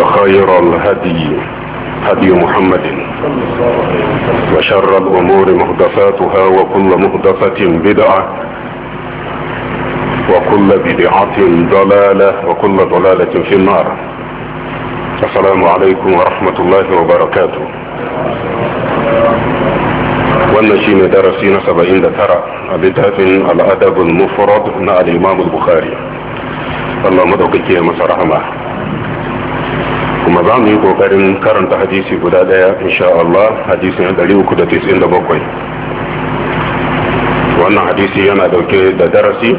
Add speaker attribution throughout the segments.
Speaker 1: وخير الهدي هدي محمد وشر الأمور مهدفاتها وكل مهدفة بدعة وكل بدعة ضلالة وكل ضلالة في النار السلام عليكم ورحمة الله وبركاته والنشين درسين سبعين ترى بتاف الأدب المفرد مع الإمام البخاري اللهم مدعوك يا معه kuma za mu yi kokarin karanta hadisi guda daya insha Allah na 397 wannan hadisi yana dauke da darasi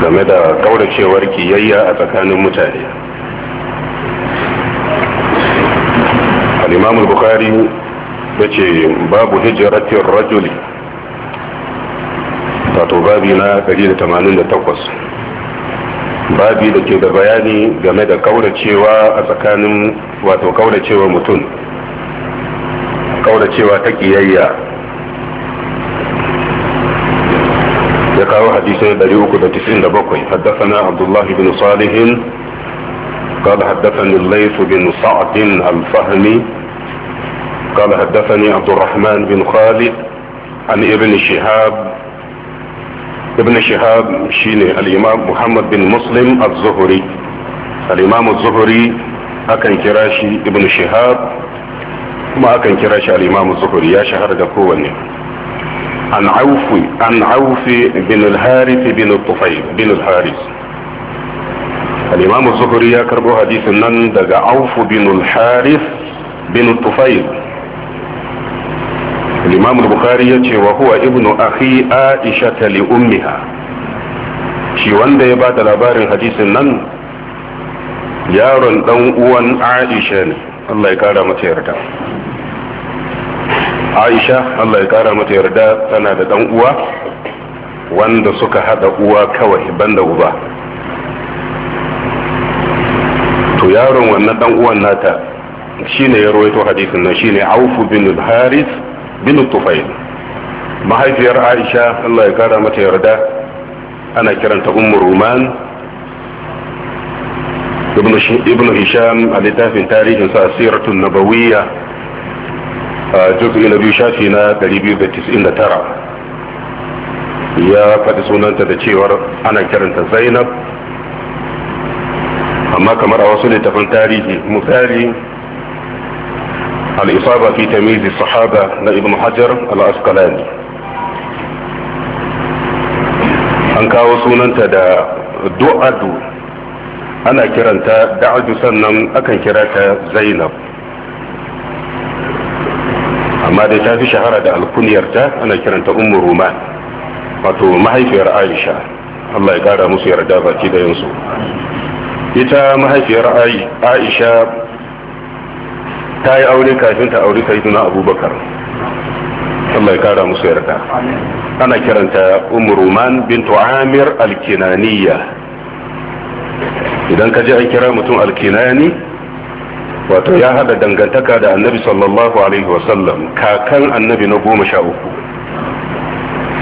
Speaker 1: game da kauracewar kiyayya a tsakanin mutane al-imam al-bukhari yace babu hijratir rajuli wato babi na 188 babi da ke da bayani game da kauracewa a tsakanin wato kauracewa mutum kauracewa ta kiyayya ya kawo hadisai 397 haddasa abdullahi bin salihin قال حدثني الليث بن سعد الفهمي قال حدثني عبد الرحمن بن خالد عن ابن شهاب ibn shihab shine al-imam muhammad bin muslim az-zuhri al-imam az-zuhri akan kira shi ibn kuma akan kira shi zuhri ya shahara da kowanne an aufi an aufi bin al-harith bin al zuhri ya karɓo hadisin nan daga aufu bin al-harith bin al-imam al-bukhari yace wa huwa ibnu akhi aisha li ummiha shi wanda ya bada labarin hadisin nan yaron dan uwan aisha ne Allah ya kara mata yarda aisha Allah ya kara mata yarda tana da dan uwa wanda suka haɗa uwa kawai banda uba to yaron wannan dan uwan nata shine ya hadisin nan shine Auf bin bin tufayl mahaifiyar aisha allah ya kara mata yarda ana kiranta ummu ruman ibn hisham a littafin tarihin sa siratun nabawiyya a juz'i na biyu shafi na 299 ya faɗi sunanta da cewar ana kiranta zainab amma kamar a wasu littafin tarihi misali الإصابة في تمييز الصحابة لابن حجر الأسقلاني an kawo sunanta da du'adu ana kiranta da'adu sannan akan kira ta zainab amma dai ta fi shahara da alkuniyarta ana kiranta ummu ruman wato mahaifiyar aisha allah ya kara musu yarda baki da yansu ita mahaifiyar aisha ta yi aure kafin ta aure sai duna abubakar Allah ya kara musu yarda ana kiranta ummu ruman bintu amir alkinaniya idan ka ji an kira mutum alkinani wato ya hada dangantaka da annabi sallallahu alaihi wasallam kakan annabi na goma sha uku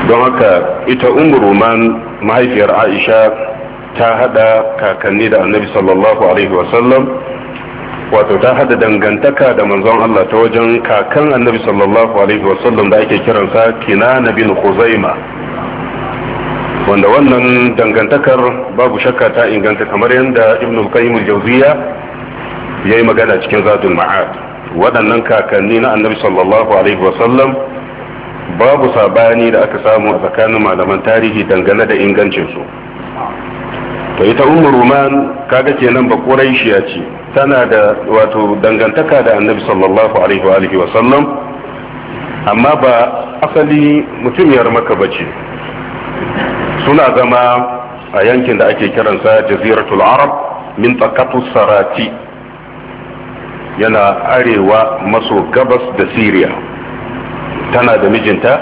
Speaker 1: don haka ita ummu mahaifiyar aisha ta hada kakanni da annabi sallallahu alaihi wasallam wato ta hada dangantaka da manzon Allah ta wajen kakan annabi sallallahu alaihi wasallam da ake kiransa na bin khuzaima wanda wannan dangantakar babu shakka ta inganta kamar yadda ibn al-qayyim al-jawziya yayi magana cikin zadul ma'ad waɗannan kakanni na annabi sallallahu alaihi wasallam babu sabani da aka samu a tsakanin malaman tarihi dangane da ingancin su to ita ummu ruman kaga kenan ba ce tana da wato dangantaka da annabi sallallahu alaihi wa wa sallam amma ba asali mutumiyar maka bace suna zama a yankin da ake kiransa jaziratul arab min sarati yana arewa maso gabas da siriya tana da mijinta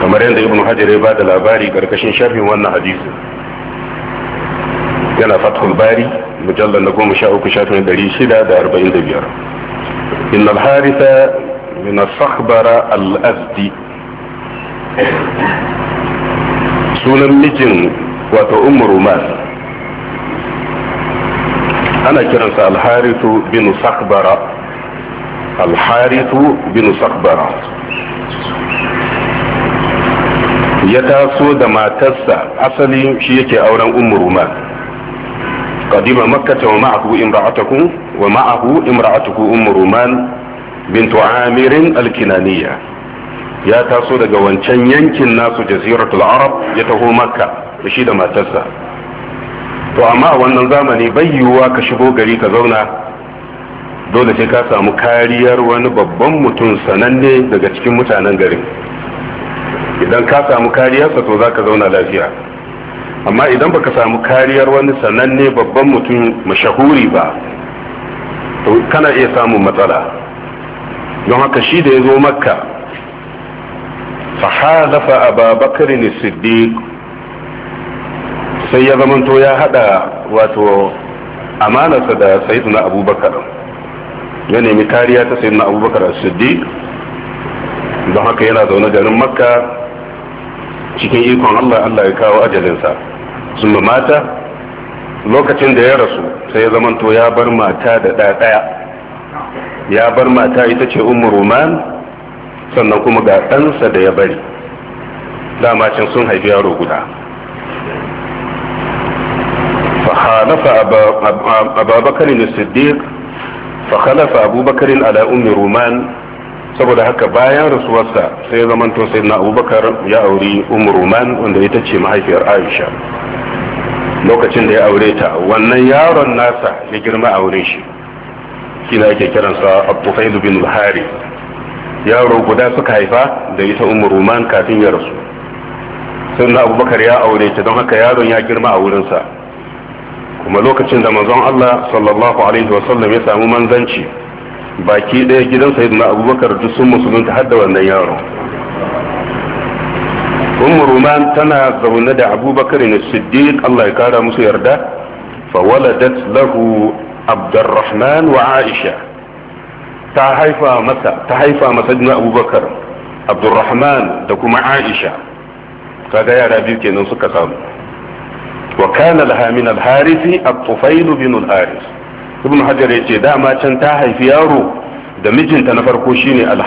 Speaker 1: kamar yadda ibn hajar ya ba da labari karkashin sharhin wannan hadisi yana fathul bari mujallar na goma sha uku sha shafin dari shida da arba'in da biyar inna harisa min sahbara al-azdi sunan mijin wato umar umar ana kiransa alharitu bin sakbara alharitu bin sakbara ya taso da matarsa asali shi yake auren umar umar قدم مكة ومعه امرأته ومعه امرأته أم رومان بنت عامر الكنانية يا تاسو daga wancan yankin nasu jaziratul arab ya taho makka shi da matarsa to amma a wannan zamani bai yiwuwa ka shigo gari ka zauna dole sai ka samu kariyar wani babban mutum sananne daga cikin mutanen garin idan ka samu kariyarsa to za ka zauna lafiya amma idan baka samu kariyar wani sananne babban mutum mashahuri ba to kana iya samun matsala don haka shi da ya zo makka fahadafa ababakar ne siddiq sai ya zamanto ya hada wato amanarsa da na abubakar ya nemi kariya ta na abubakar a siddiq don haka yana zaune garin makka cikin ikon allah allah ya kawo ajalinsa sun mata lokacin da ya rasu sai ya zamanto ya bar mata da ɗaya ya bar mata ita ce umar roman sannan kuma ga ɗansa da ya bari dama can sun haifi yaro guda fahalafa أبا بكر الصديق فخلف أبو بكر على saboda haka bayan rasuwarsa sai ya zamanto sai na abubakar ya auri umar roman wanda ita ce mahaifiyar aisha lokacin da ya aure ta wannan yaron nasa ya girma a wurin shi Kina ake kiransa abdufailu bin buhari yaro guda suka haifa da ita umar ruman kafin ya rasu sai na abubakar ya aure ta don haka yaron ya girma a wurinsa kuma lokacin da manzon allah sallallahu alaihi wasallam ya samu manzanci baki ɗaya gidan sayyidina abubakar duk sun musulunta har da wannan yaro ummu ruman tana zaune da abubakar ne siddiq Allah ya kara musu yarda fa waladat lahu abdurrahman wa aisha ta haifa masa ta haifa abubakar abdurrahman da kuma aisha kaga yara biyu kenan suka samu wa kana laha min al-harith at-tufail bin al-harith ibn hajar yace dama can ta haifi yaro da mijinta na farko shine al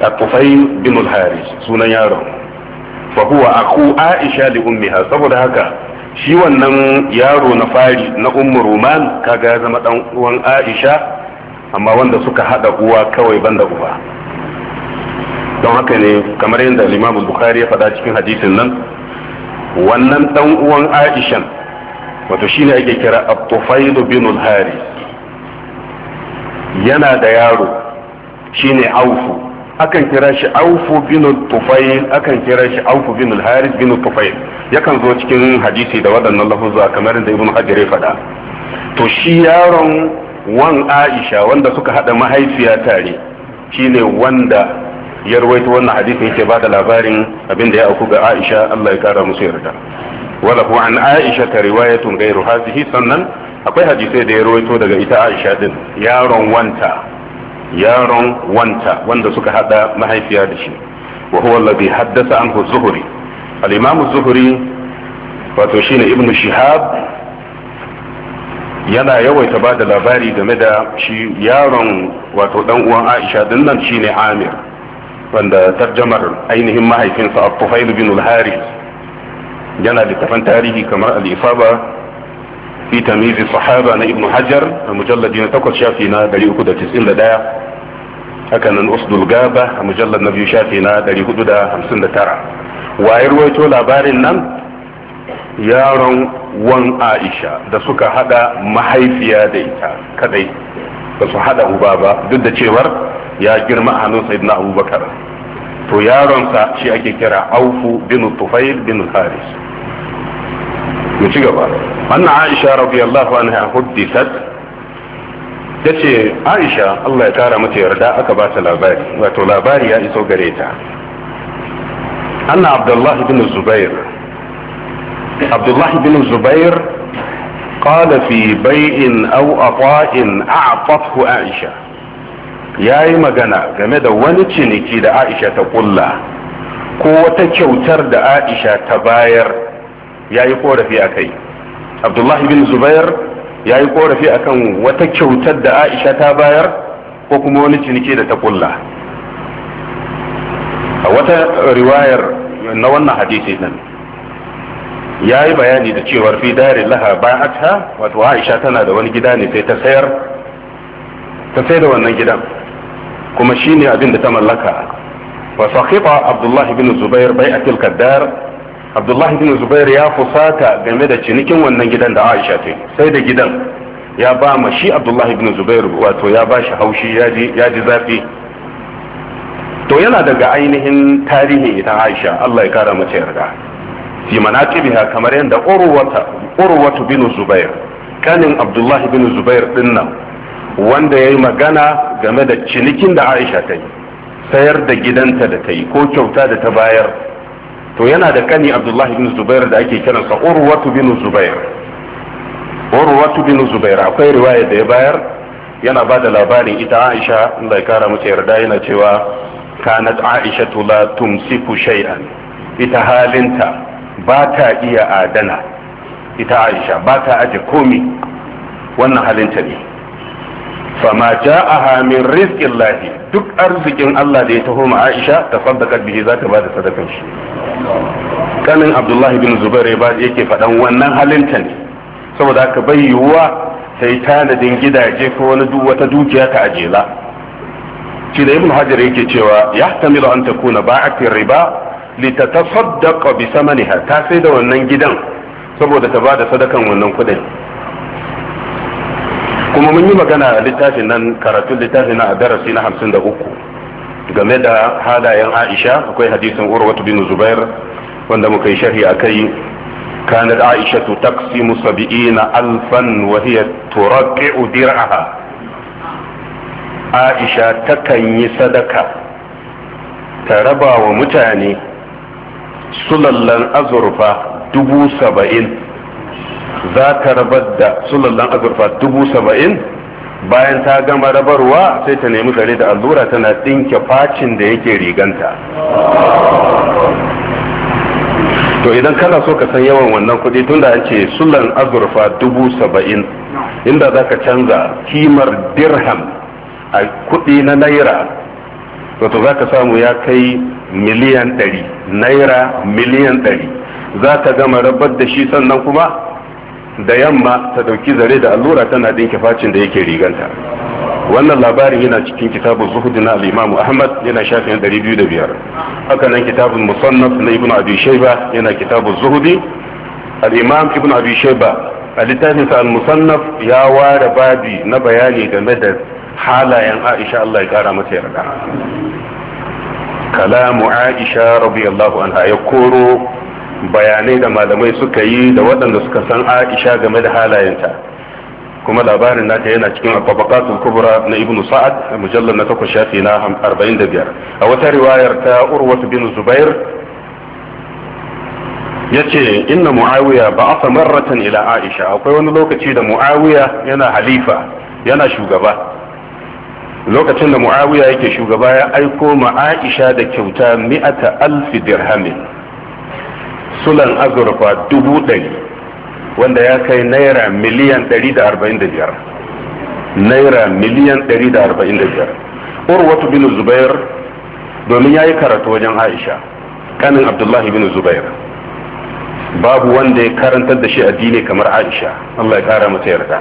Speaker 1: at-tufail bin al sunan yaron fa huwa aku aisha li ummiha saboda haka shi wannan yaro na fari na ummu ruman kaga ya zama dan uwan aisha amma wanda suka hada uwa kawai banda uba don haka ne kamar yadda Imam Bukhari ya fada cikin hadisin nan wannan dan uwan Aishan wato shine ake kira Abtufail bin al-Haris yana da yaro shine Aufu akan kira shi aufu bin tufail akan kira shi aufu bin haris bin tufail yakan zo cikin hadisi da waɗannan lafuzza kamar da ibn hajar ya faɗa to shi yaron wan aisha wanda suka haɗa mahaifiya tare shine wanda ya rawaito wannan hadisi yake ba da labarin abin da ya auku ga aisha Allah ya kara musu yarda wala hu an aisha ta riwayatun gairu hadhihi sannan akwai hadisai da ya rawaito daga ita aisha din yaron wanta yaron wanta wanda suka hada mahaifiya da shi wa huwa alladhi haddasa anhu zuhri al-imam zuhri wato shine ibnu shihab yana yawaita ba da labari game da shi yaron wato dan uwan aisha din nan shine amir wanda tarjamar ainihin mahaifinsa al-tufail bin al-haris yana littafin tarihi kamar al-isaba fi tamizi sahaba na ibnu hajar a mujalladi na takwas shafi na 391 haka nan usdul gaba a mujallad na biyu shafi na 459 wayar waito labarin nan yaron wan aisha da suka hada mahaifiya da ita kadai ba su hada uba ba duk da cewar ya girma a hannun sayyidina abubakar to yaronsa shi ake kira aufu bin tufail bin haris mu ci gaba anna aisha radiyallahu anha huddithat tace aisha Allah ya kara mata yarda aka ba ta labari wato labari ya iso gare ta anna abdullahi bin zubair abdullahi bin zubair قال في بيع أو عطاء أعطته عائشة يا إما جنا جمد ونتشني كده عائشة تقول لا كوة كوتر عائشة تباير ya yi korafi a kai abdullahi bin zubair ya yi korafi a kan wata kyautar da aisha ta bayar ko kuma wani ciniki da ta kulla a wata riwayar na wannan hadisi nan ya yi bayani da cewar fi darin laha ba'ata wato aisha tana da wani gida ne sai ta sayar ta da wannan gidan kuma shine abin da ta mallaka wa sahiba abdullahi bin zubair bai'atul kaddar abdullahi bin zubair ya fusata game da cinikin wannan gidan da aisha ta sai da gidan ya ba ma shi abdullahi bin zubair wato ya ba shi haushi ya ji zafi to yana daga ainihin tarihin ita aisha allah ya kara mace yarda fi manaqibiha kamar yadda urwata urwatu bin zubair kanin abdullahi bin zubair dinnan wanda ya yi magana game da cinikin da aisha ta yi sayar da gidanta da ta yi ko kyauta da ta bayar to yana da kani abdullahi bin zubair da ake kiransa urwatu bin zubair urwatu bin zubair akwai riwaya da ya bayar yana ba da labarin ita aisha Allah ya kara mata yarda yana cewa kanat aisha la tumsiku shay'an ita halinta ba ta iya adana ita aisha ba ta aje komi wannan halinta ne fama ja'aha min rizqillahi duk arzikin Allah da ya taho ma Aisha ta saddaka bihi za ta ba da sadakan shi kanin Abdullahi bin Zubair ba yake faɗan wannan halinta ne saboda aka bai yiwuwa sai tanadin gidaje ko wani duk wata dukiya ta ajela shi da Ibn Hajar yake cewa yahtamilu an takuna ba'ati riba litatassaddaqa bi samaniha ta sai da wannan gidan saboda ta ba da sadakan wannan kuɗin kuma mun yi magana a littafin nan karatu littafin na a darasi na hamsin da uku game da hadayen aisha akwai hadisin urwatu bin zubair wanda muka yi sharhi a kai kana da aisha tu taqsimu sabiina alfan turaqi'u dir'aha aisha takan yi sadaka ta raba wa mutane sulallan azurfa dubu saba'in za ta rabar da sulallan azurfa dubu saba'in bayan ta gama rabarwa sai ta nemi gare da allura tana ɗinke facin da yake riganta to idan kana so ka san yawan wannan kuɗi tun da an ce sulan azurfa dubu saba'in inda za ka canza kimar dirham a kuɗi na naira wato za ka samu ya kai miliyan ɗari naira miliyan ɗari za ka gama rabar da shi sannan kuma da yamma ta dauki zare da allura tana dinke facin da yake riganta wannan labarin yana cikin kitabun zuhud na al-imam ahmad yana shafin 205 haka nan kitabun musannaf na ibnu abi shayba yana kitabun zuhudi al-imam ibnu abi shayba a littafin sa al-musannaf ya ware babi na bayani game da halayen aisha Allah ya kara mata yarda kalamu aisha radiyallahu anha ya koro bayanai da malamai suka yi da waɗanda suka san aisha game da halayenta kuma labarin nata yana cikin abubakatul kubra na ibnu sa'ad a mujallar na takwas shafi na 45 a wata riwayar ta urwatu bin zubair yace inna muawiya ba'atha marratan ila aisha akwai wani lokaci da muawiya yana halifa yana shugaba lokacin da muawiya yake shugaba ya aiko ma aisha da kyauta mi'ata alfi dirhamin sulan azurfa dubu ɗari wanda ya kai naira miliyan ɗari da arba'in da biyar naira miliyan ɗari da arba'in da biyar urwatu bin zubair domin ya yi karatu wajen aisha kanin abdullahi bin zubair babu wanda ya karantar da shi addini kamar aisha allah ya kara mata yarda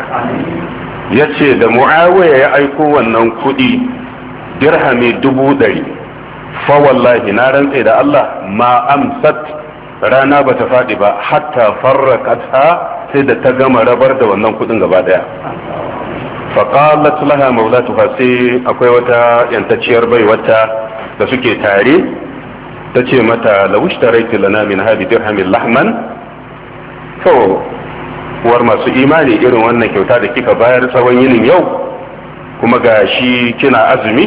Speaker 1: ya ce da mu'awiya ya aiko wannan kuɗi dirhami dubu ɗari fa wallahi na rantse da allah ma amsat rana ba ta faɗi ba hatta ƙasa, sai da ta gama rabar da wannan kudin gaba daya faqalat laha maulatuha sai akwai wata yantacciyar baiwata da suke tare ta ce mata lawishtaraitu lana min hadi dirhamin lahman to war masu imani irin wannan kyauta da kika bayar tsawon yinin yau kuma ga shi kina azumi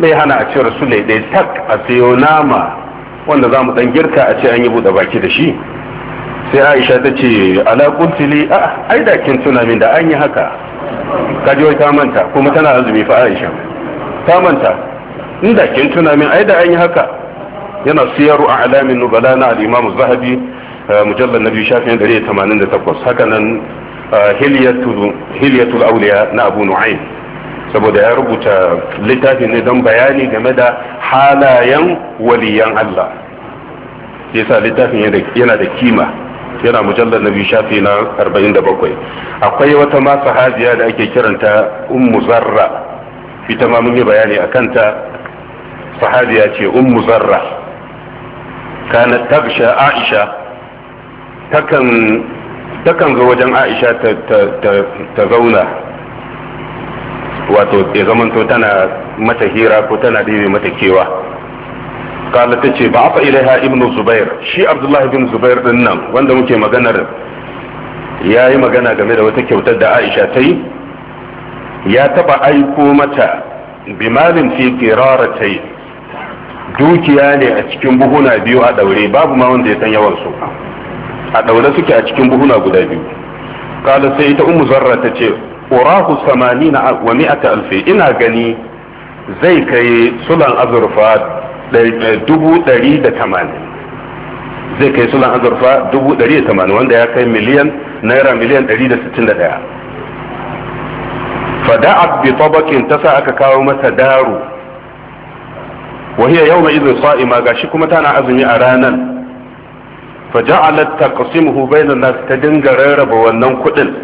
Speaker 1: bai hana a cire su ɗaya tak a sayo nama wanda za mu dan girka a ce an yi buɗe baki da shi sai aisha ta ce ala li a ai da kin tuna min da an yi haka kaji wai ta manta kuma tana azumi fa aisha ta manta inda kin tuna min ai da an yi haka yana siyaru a alamin nubala na al-imam zahabi mujallal nabi shafin 188 haka nan eh, hilyatul awliya na abu nu'aym saboda ya rubuta littafin ne don bayani game da halayen waliyan Allah yasa littafin yana da kima yana mujallar na biyu shafi na 47 akwai wata ma sahabiya da ake kiranta ummu zarra ita ma mun yi bayani a kanta sahabiya ce ummu zarra kanat tagsha aisha takan takan zo wajen aisha ta zauna wato ya zamanto tana mata hira ko tana ɗebe mata kewa kala ta ce ba a fa’ila ilaiha ibn zubair shi abdullahi bin zubair din nan wanda muke maganar ya yi magana game da wata kyautar da aisha ta yi ya taba aiko mata bimalin fi kirara ta yi dukiya ne a cikin buhuna biyu a daure babu ma wanda ya san yawansu a daure suke a cikin buhuna guda biyu kala sai ita Umu zarra ta ce urahu na wa mi'ata alfi ina gani zai kai sulan azurfa eh, dubu ɗari da tamanin zai kai sulan azurfa dubu ɗari da tamanin wanda ya kai miliyan naira miliyan ɗari da sittin da ɗaya fada'at bi tabakin ta sa aka kawo masa daru wa hiya yawma idhin sa'ima gashi kuma tana azumi a ranar Fa faja'alat taqsimuhu bainan nas ta dinga rarraba wannan kuɗin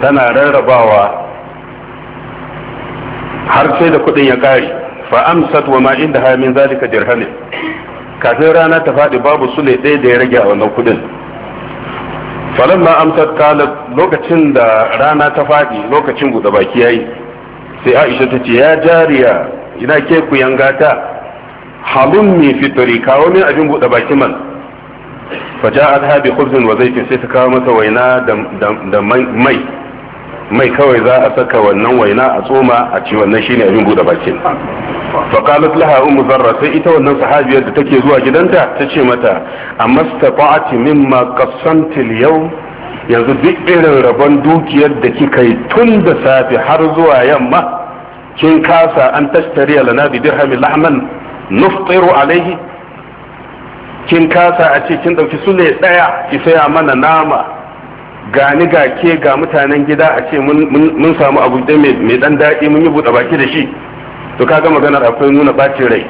Speaker 1: tana rarrabawa har sai da kuɗin ya ƙare fa amsat wa ma inda ha min zalika dirhami kafin rana ta faɗi babu sulai ɗaya da ya rage a wannan kuɗin falamma amsat kala lokacin da rana ta faɗi lokacin guda baki yayi sai Aisha ta ce ya jariya ina ke ku yangata mi fitri kawo min abin buɗe baki man fa ja'a ha bi khubzin wa zaytin sai ta kawo masa waina da mai mai kawai za a saka wannan waina a tsoma a ci wannan shine abin bude bakin fa qalat laha zarra sai ita wannan sahabiyar da take zuwa gidanta ta ce mata amastata'ati mimma qassamti al-yawm yanzu duk irin rabon dukiyar da kika yi tun da safe har zuwa yamma kin kasa an tashtari lana bi dirhamin lahman nuftiru alaihi kin kasa a ce kin dauki sule daya ki saya mana nama gani ga ke ga mutanen gida a ce mun samu abu da mai dan daɗi mun yi buɗe baki da shi to kaga maganar akwai nuna bacin rai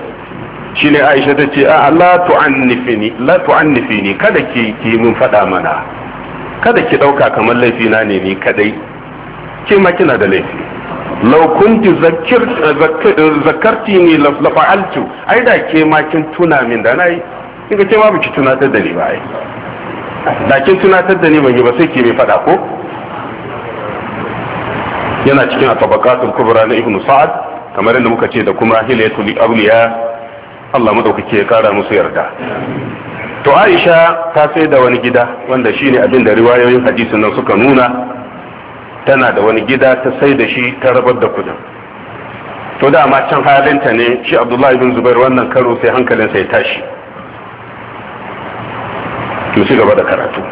Speaker 1: shine Aisha ta ce a la tu'annifini la kada ki yi mun faɗa mana kada ki ɗauka kamar laifi na ne ni kadai ke ma kina da laifi law kunti zakarti la ai da ke ma kin tuna min da nayi kinga ce ma biki tunatar da ni ba ai da kin tunatar da ni ban yi ba sai ke mai fada ko yana cikin atabaqatul kubra na ibnu sa'ad kamar yadda muka ce da kuma hilayatul awliya Allah madaukake ya kara musu yarda to Aisha ta sai da wani gida wanda shine abin da riwayoyin hadisi nan suka nuna tana da wani gida ta sai da shi ta rabar da kudin to dama can halinta ne shi Abdullahi bin Zubair wannan karo sai hankalinsa ya tashi to shi gaba da karatu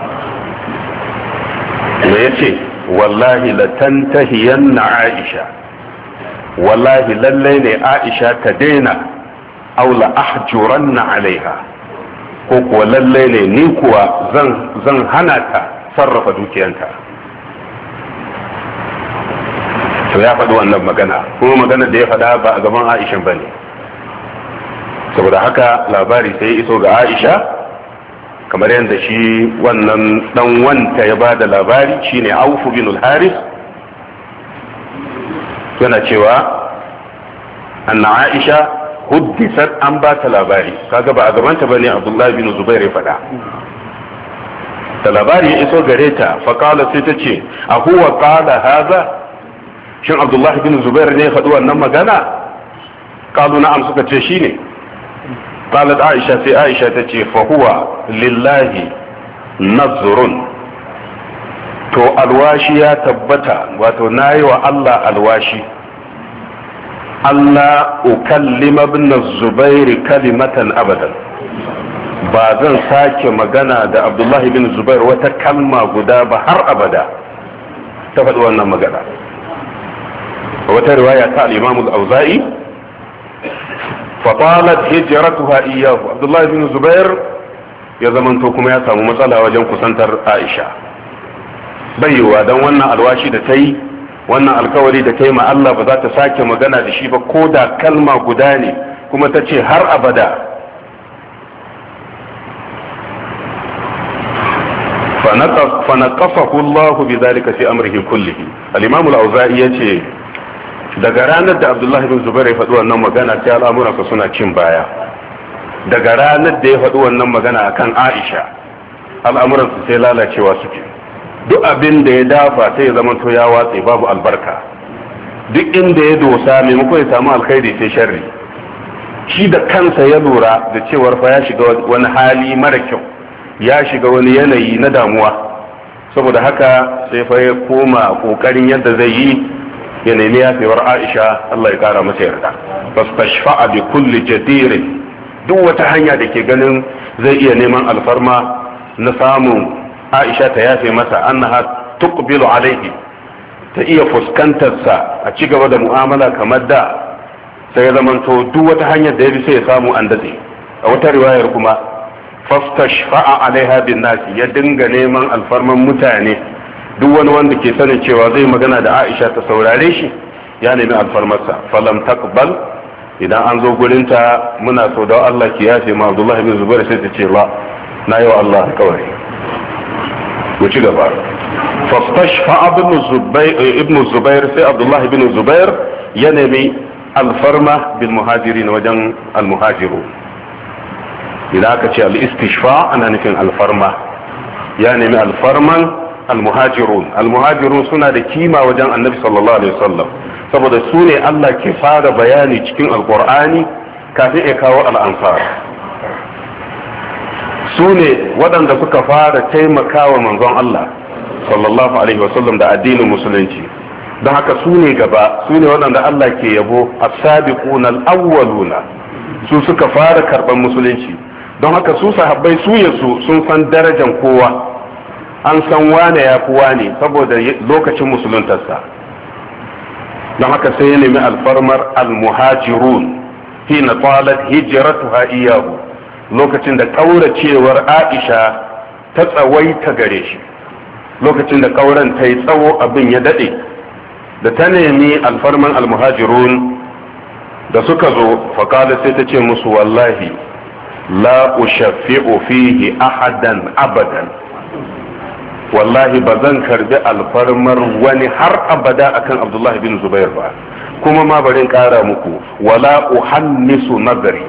Speaker 1: da ya ce wallahi latantahiyan na aisha wallahi lallai ne aisha ta daina aula ahjuran na alaiha ko kuwa lallai ne ni kuwa zan hana ta sarrafa dukiyanta to ya faɗi wannan magana ko magana da ya faɗa ba a gaban aisha ba ne saboda haka labari sai iso ga aisha kamar yadda shi wannan dan wanta ya ba da labari shine aufu bin al-haris yana cewa anna aisha huddisat an ba ta labari kaga ba a gabanta bane abdullahi bin zubair ya faɗa da labari ya iso gare ta faƙala sai ta ce a huwa ƙala haza shin abdullahi bin zubair ne ya faɗi wannan magana ƙalu na'am suka ce shi ne qalat aisha sai aisha ta ce fahuwa lillahi nazrun to alwashi ya tabbata wato na yi wa Allah alwashi Allah ukallima ibn Zubair kalimatan abada. ba zan sake magana da Abdullahi bin Zubair wata kalma guda ba har abada ta faɗi wannan magana wata riwaya ta al-Imam auzai fatalat hijratuha iyyahu abdullahi bin zubair ya zamanto kuma ya samu matsala wajen kusantar aisha baiwa dan wannan alwashi da ta yi wannan alkawari da ta yi ma Allah ba za ta sake magana da shi ba ko da kalma guda ne kuma ta ce har abada fa naqafahu Allah bi dhalika fi amrihi kullihi al-imam al-auza'i yace daga ranar da abdullahi bin zubair ya faɗi wannan magana sai ka suna cin baya daga ranar da ya faɗi wannan magana akan aisha al'amuransu sai lalacewa suke duk abin da ya dafa sai ya zama to ya watse babu albarka duk inda ya dosa maimakon ya samu alkhairi sai sharri shi da kansa ya lura da cewar fa ya shiga wani hali mara kyau ya shiga wani yanayi na damuwa saboda haka sai fa ya koma kokarin yadda zai yi ya nemi yafewar aisha Allah ya kara masa yarda fastashfa'a bi kulli jadirin duk wata hanya da ke ganin zai iya neman alfarma na samun aisha ta yafe masa annaha tuqbilu alaihi ta iya fuskantarsa a ci gaba da mu'amala kamar da sai ya zamanto duk wata hanyar da ya bi sai ya samu an datse a wata riwayar kuma fastashfa'a alaiha bin nasi ya dinga neman alfarman mutane duk wani wanda ke sanin cewa zai magana da aisha ta saurare shi ya nemi alfarmarsa falam takbal idan an zo gurinta muna sau da Allah ki yafe ma Abdullahi bin Zubair sai ta ce ba na yi wa Allah kawai ku ci gaba fa ibn Zubair ibn Zubair sai Abdullahi bin Zubair ya nemi alfarma bil muhajirin wajen al muhajiru idan aka ce al istishfa ana nufin alfarma ya nemi alfarman almuhajirun almuhajirun suna da kima wajen annabi sallallahu alaihi wasallam saboda su ne Allah ke fara bayani cikin alqur'ani kafin ya kawo al'ansar su ne waɗanda suka fara taimakawa manzon Allah sallallahu alaihi wasallam da addinin musulunci don haka su ne gaba su ne waɗanda Allah ke yabo as-sabiquna al-awwaluna su suka fara karban musulunci don haka su sahabbai su yasu sun san darajar kowa an san wane ya fi wane saboda lokacin musuluntarsa don haka sai ya nemi alfarmar almuhajirun hina talat hijratuha iyahu lokacin da kauracewar aisha ta ta gare shi lokacin da kauran ta yi tsawo abin ya dade da ta nemi alfarman almuhajirun da suka zo faƙada sai ta ce musu wallahi la ushaffi'u fihi ahadan abadan wallahi ba zan karbi alfarmar wani har abada akan abdullahi bin zubair ba kuma ma barin kara muku wala uhannisu nazari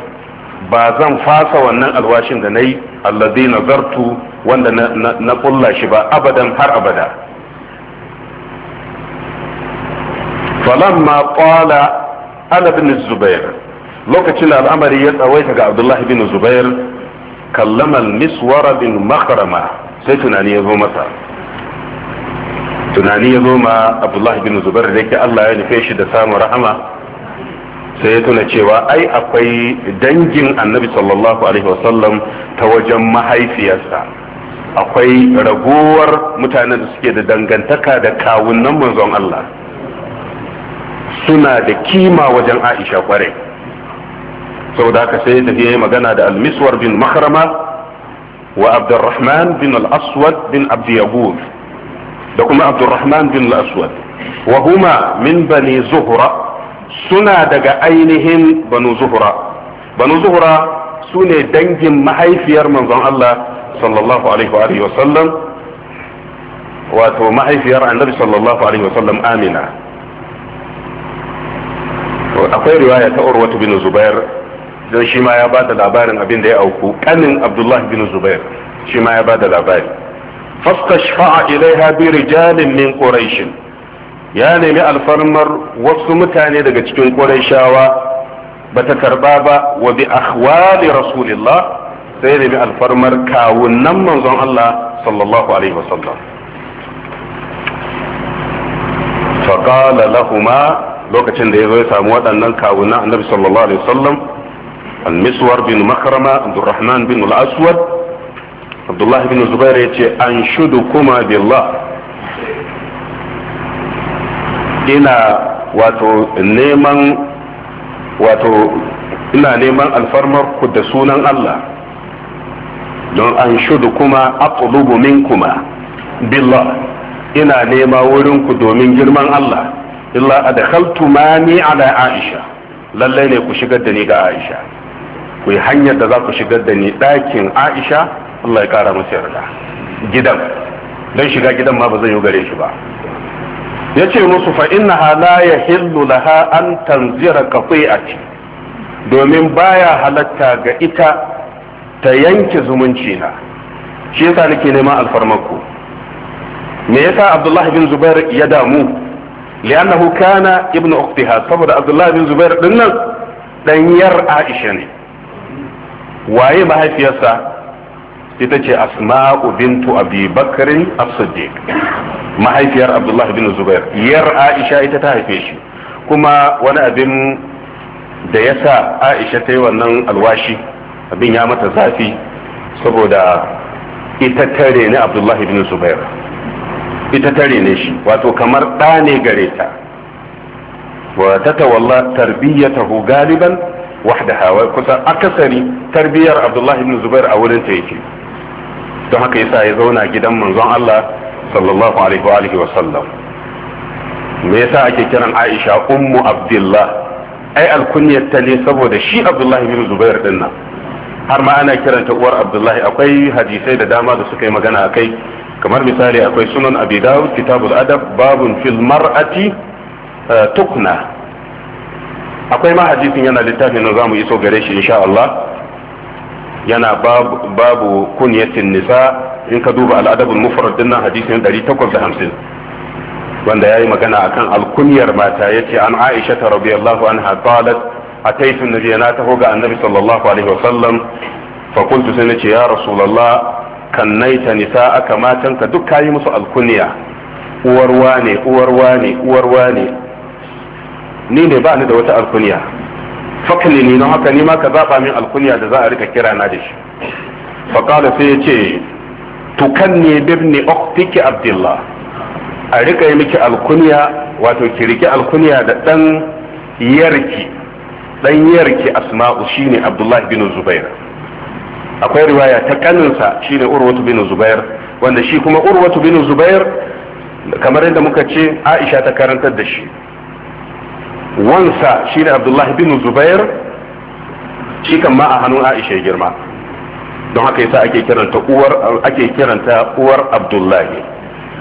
Speaker 1: ba zan fasa wannan alwashin da na yi allazi nazartu wanda na kulla shi ba abadan har abada falamma qala ala bin zubair lokacin da al'amari ya tsawaita ga abdullahi bin zubair kallamal miswara bin makrama sai tunani ya zo masa tunani ya zo ma abdullahi bin zubair da yake Allah ya nufe shi da samun rahama sai ya tuna cewa ai akwai dangin annabi sallallahu alaihi wasallam ta wajen mahaifiyarsa akwai ragowar mutanen da suke da dangantaka da kawunan manzon Allah suna da kima wajen aisha kwarai saboda haka sai ya tafi magana da almiswar bin makarama وعبد الرحمن بن الاسود بن عبد يقول دكما عبد الرحمن بن الاسود وهما من بني زهره سنا دغ اينهم بنو زهره بنو زهره سنه دنج محيفير من زن الله صلى الله عليه واله وسلم واتو محيفير عن النبي صلى الله عليه وسلم آمنا أقول رواية أروة بن زبير don shi ma ya ba da labarin abin da ya auku kanin abdullahi bin zubair shi ma ya ba da labari fastashfa'a ilaiha bi rijalin min quraish ya nemi alfarmar wasu mutane daga cikin qurayshawa bata karba ba wa bi akhwali rasulillah sai nemi alfarmar kawunan manzon Allah sallallahu alaihi wasallam faqala lahumma lokacin da ya zo ya samu waɗannan kawunan annabi sallallahu alaihi wasallam المسور بن مخرمة عبد الرحمن بن الأسود عبد الله بن الزبير يتي أنشدكما بالله إنا wato neman wato ina neman alfarmar ku da sunan Allah don an shudu kuma aqlubu minkuma billah ina nema wurin ku domin girman Allah illa adkhaltu mani ala Aisha lalle ne ku shigar da ni ga Aisha ku hanyar da za ku shigar da ni ɗakin aisha Allah ya ƙara masa yarda gidan don shiga gidan ma ba zan yi gare shi ba ya ce musu fa inna la ya hillu laha an tanzira qati'ati domin baya halatta ga ita ta yanke zumunci na shi yasa nake neman alfarmako me yasa Abdullahi bin Zubair ya damu li'annahu kana ibnu uktiha saboda Abdullah bin Zubair dinnan ɗanyar Aisha ne waye mahaifiyarsa ita ce asma'u bintu abi bakarin as-siddiq mahaifiyar abdullahi bin zubair yar aisha ita ta haife shi kuma wani abin da ya sa aisha ta yi wannan alwashi abin ya mata zafi saboda ita tare ne abdullahi bin zubair ita tare ne shi wato kamar ɗa ne gare ta wa ta tawalla galiban wahdaha wai kusan akasari tarbiyar abdullahi ibn zubair a wurin ta yake don haka yasa ya zauna gidan manzon Allah sallallahu alaihi wa alihi wa sallam me yasa ake kiran Aisha ummu Abdullah ai alkunyar ta ne saboda shi Abdullahi Ibn Zubair dinna har ma ana kiranta uwar Abdullahi akwai hadisai da dama da suka yi magana akai kamar misali akwai sunan Abi Dawud kitabul adab babun fil mar'ati eh, tukna akwai ma hadisin yana littafin za zamu iso gare shi insha Allah yana babu babu kunyatin nisa in ka duba al'adabul mufrad din nan hadisin 850 wanda ya yi magana akan alkunyar mata yace an Aisha an anha a ataitu nabiyya na taho ga annabi sallallahu alaihi wasallam fa sai na ce ya rasulullah nisa nisa'aka matanka duk kayi musu alkunya Uwarwa ne uwarwa ne uwarwa ne. ni ne ba ni da wata alkunya fakali ni don haka ni ma ka zaba min alkunya da za a rika kira na da shi faqala sai yace tukanni bibni oktiki abdullah a rika yi miki alkuniya wato ki riki alkunya da ɗan yarki yarki asma'u shine abdullah bin zubair akwai riwaya ta kaninsa shine urwatu bin zubair wanda shi kuma urwatu bin zubair kamar yadda muka ce aisha ta karantar da shi wansa shi ne abdullahi bin zubair shi kan ma a hannun aisha ya girma don haka yasa ake kiranta uwar ake kiranta uwar abdullahi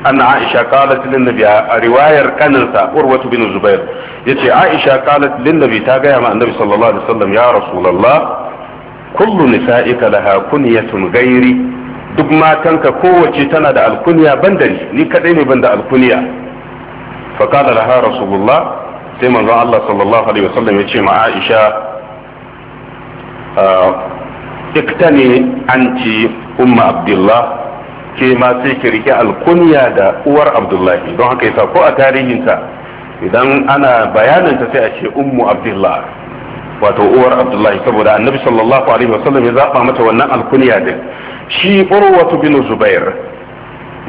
Speaker 1: anna aisha qalat lin nabi a riwayar kaninsa urwatu bin zubair yace aisha qalat lin nabi ta gaya ma annabi sallallahu alaihi wasallam ya rasulullah kullu nisa'ika laha kunyatun ghairi duk matanka kowace tana da alkunya banda ni ni kadai ne banda alkunya fa qala laha rasulullah sai manzon Allah sallallahu alaihi wasallam ya ce ma Aisha ah, iktani anti umma abdullah ke ma sai ki rike alkunya da uwar abdullahi don haka yasa ko a tarihinta idan ana bayanin ta sai a ce ummu abdullah wato uwar abdullahi saboda annabi sallallahu alaihi wasallam ya zaba mata wannan alkunya din shi urwatu bin zubair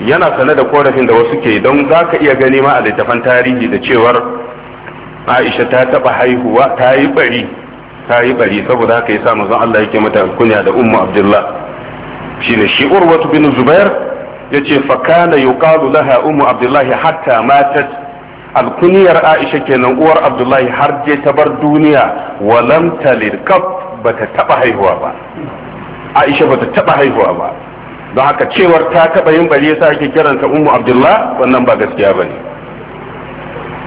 Speaker 1: yana sane da korafin da wasu ke don zaka iya gani ma a littafan tarihi da cewar aisha ta taba haihuwa ta yi bari ta yi bari saboda haka yasa manzon Allah yake mata kunya da ummu abdullah shine shi urwatu bin zubair yace fa kana yuqalu laha ummu abdullah hatta matat alkuniyar aisha kenan uwar abdullahi har je ta bar duniya wa lam talid kaf bata taba haihuwa ba aisha bata taba haihuwa ba don haka cewar ta taba yin bari yasa ake kiranta ummu abdullah wannan ba gaskiya bane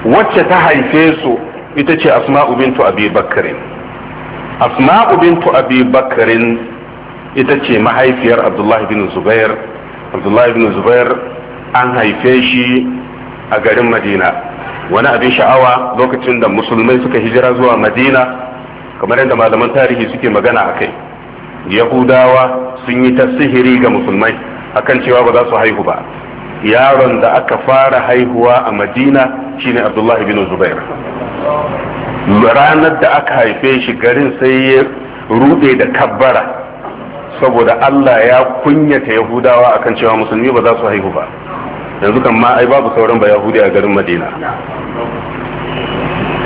Speaker 1: wacce ta haife su ita ce asma'u bintu abi asma'u bintu abi ita ce mahaifiyar abdullahi bin zubair abdullahi bin zubair an haife shi a garin madina wani abin sha'awa lokacin da musulmai suka hijira zuwa madina kamar yadda malaman tarihi suke magana a kai yahudawa sun yi ta sihiri ga musulmai akan cewa ba za su haihu ba yaron da aka fara haihuwa a madina shine abdullahi bin zubair ranar da aka haife shi garin sai ya rude da kabbara saboda allah ya kunyata yahudawa akan cewa musulmi ba za su haihu ba yanzu kan ma ai babu sauran ba yahudi a garin madina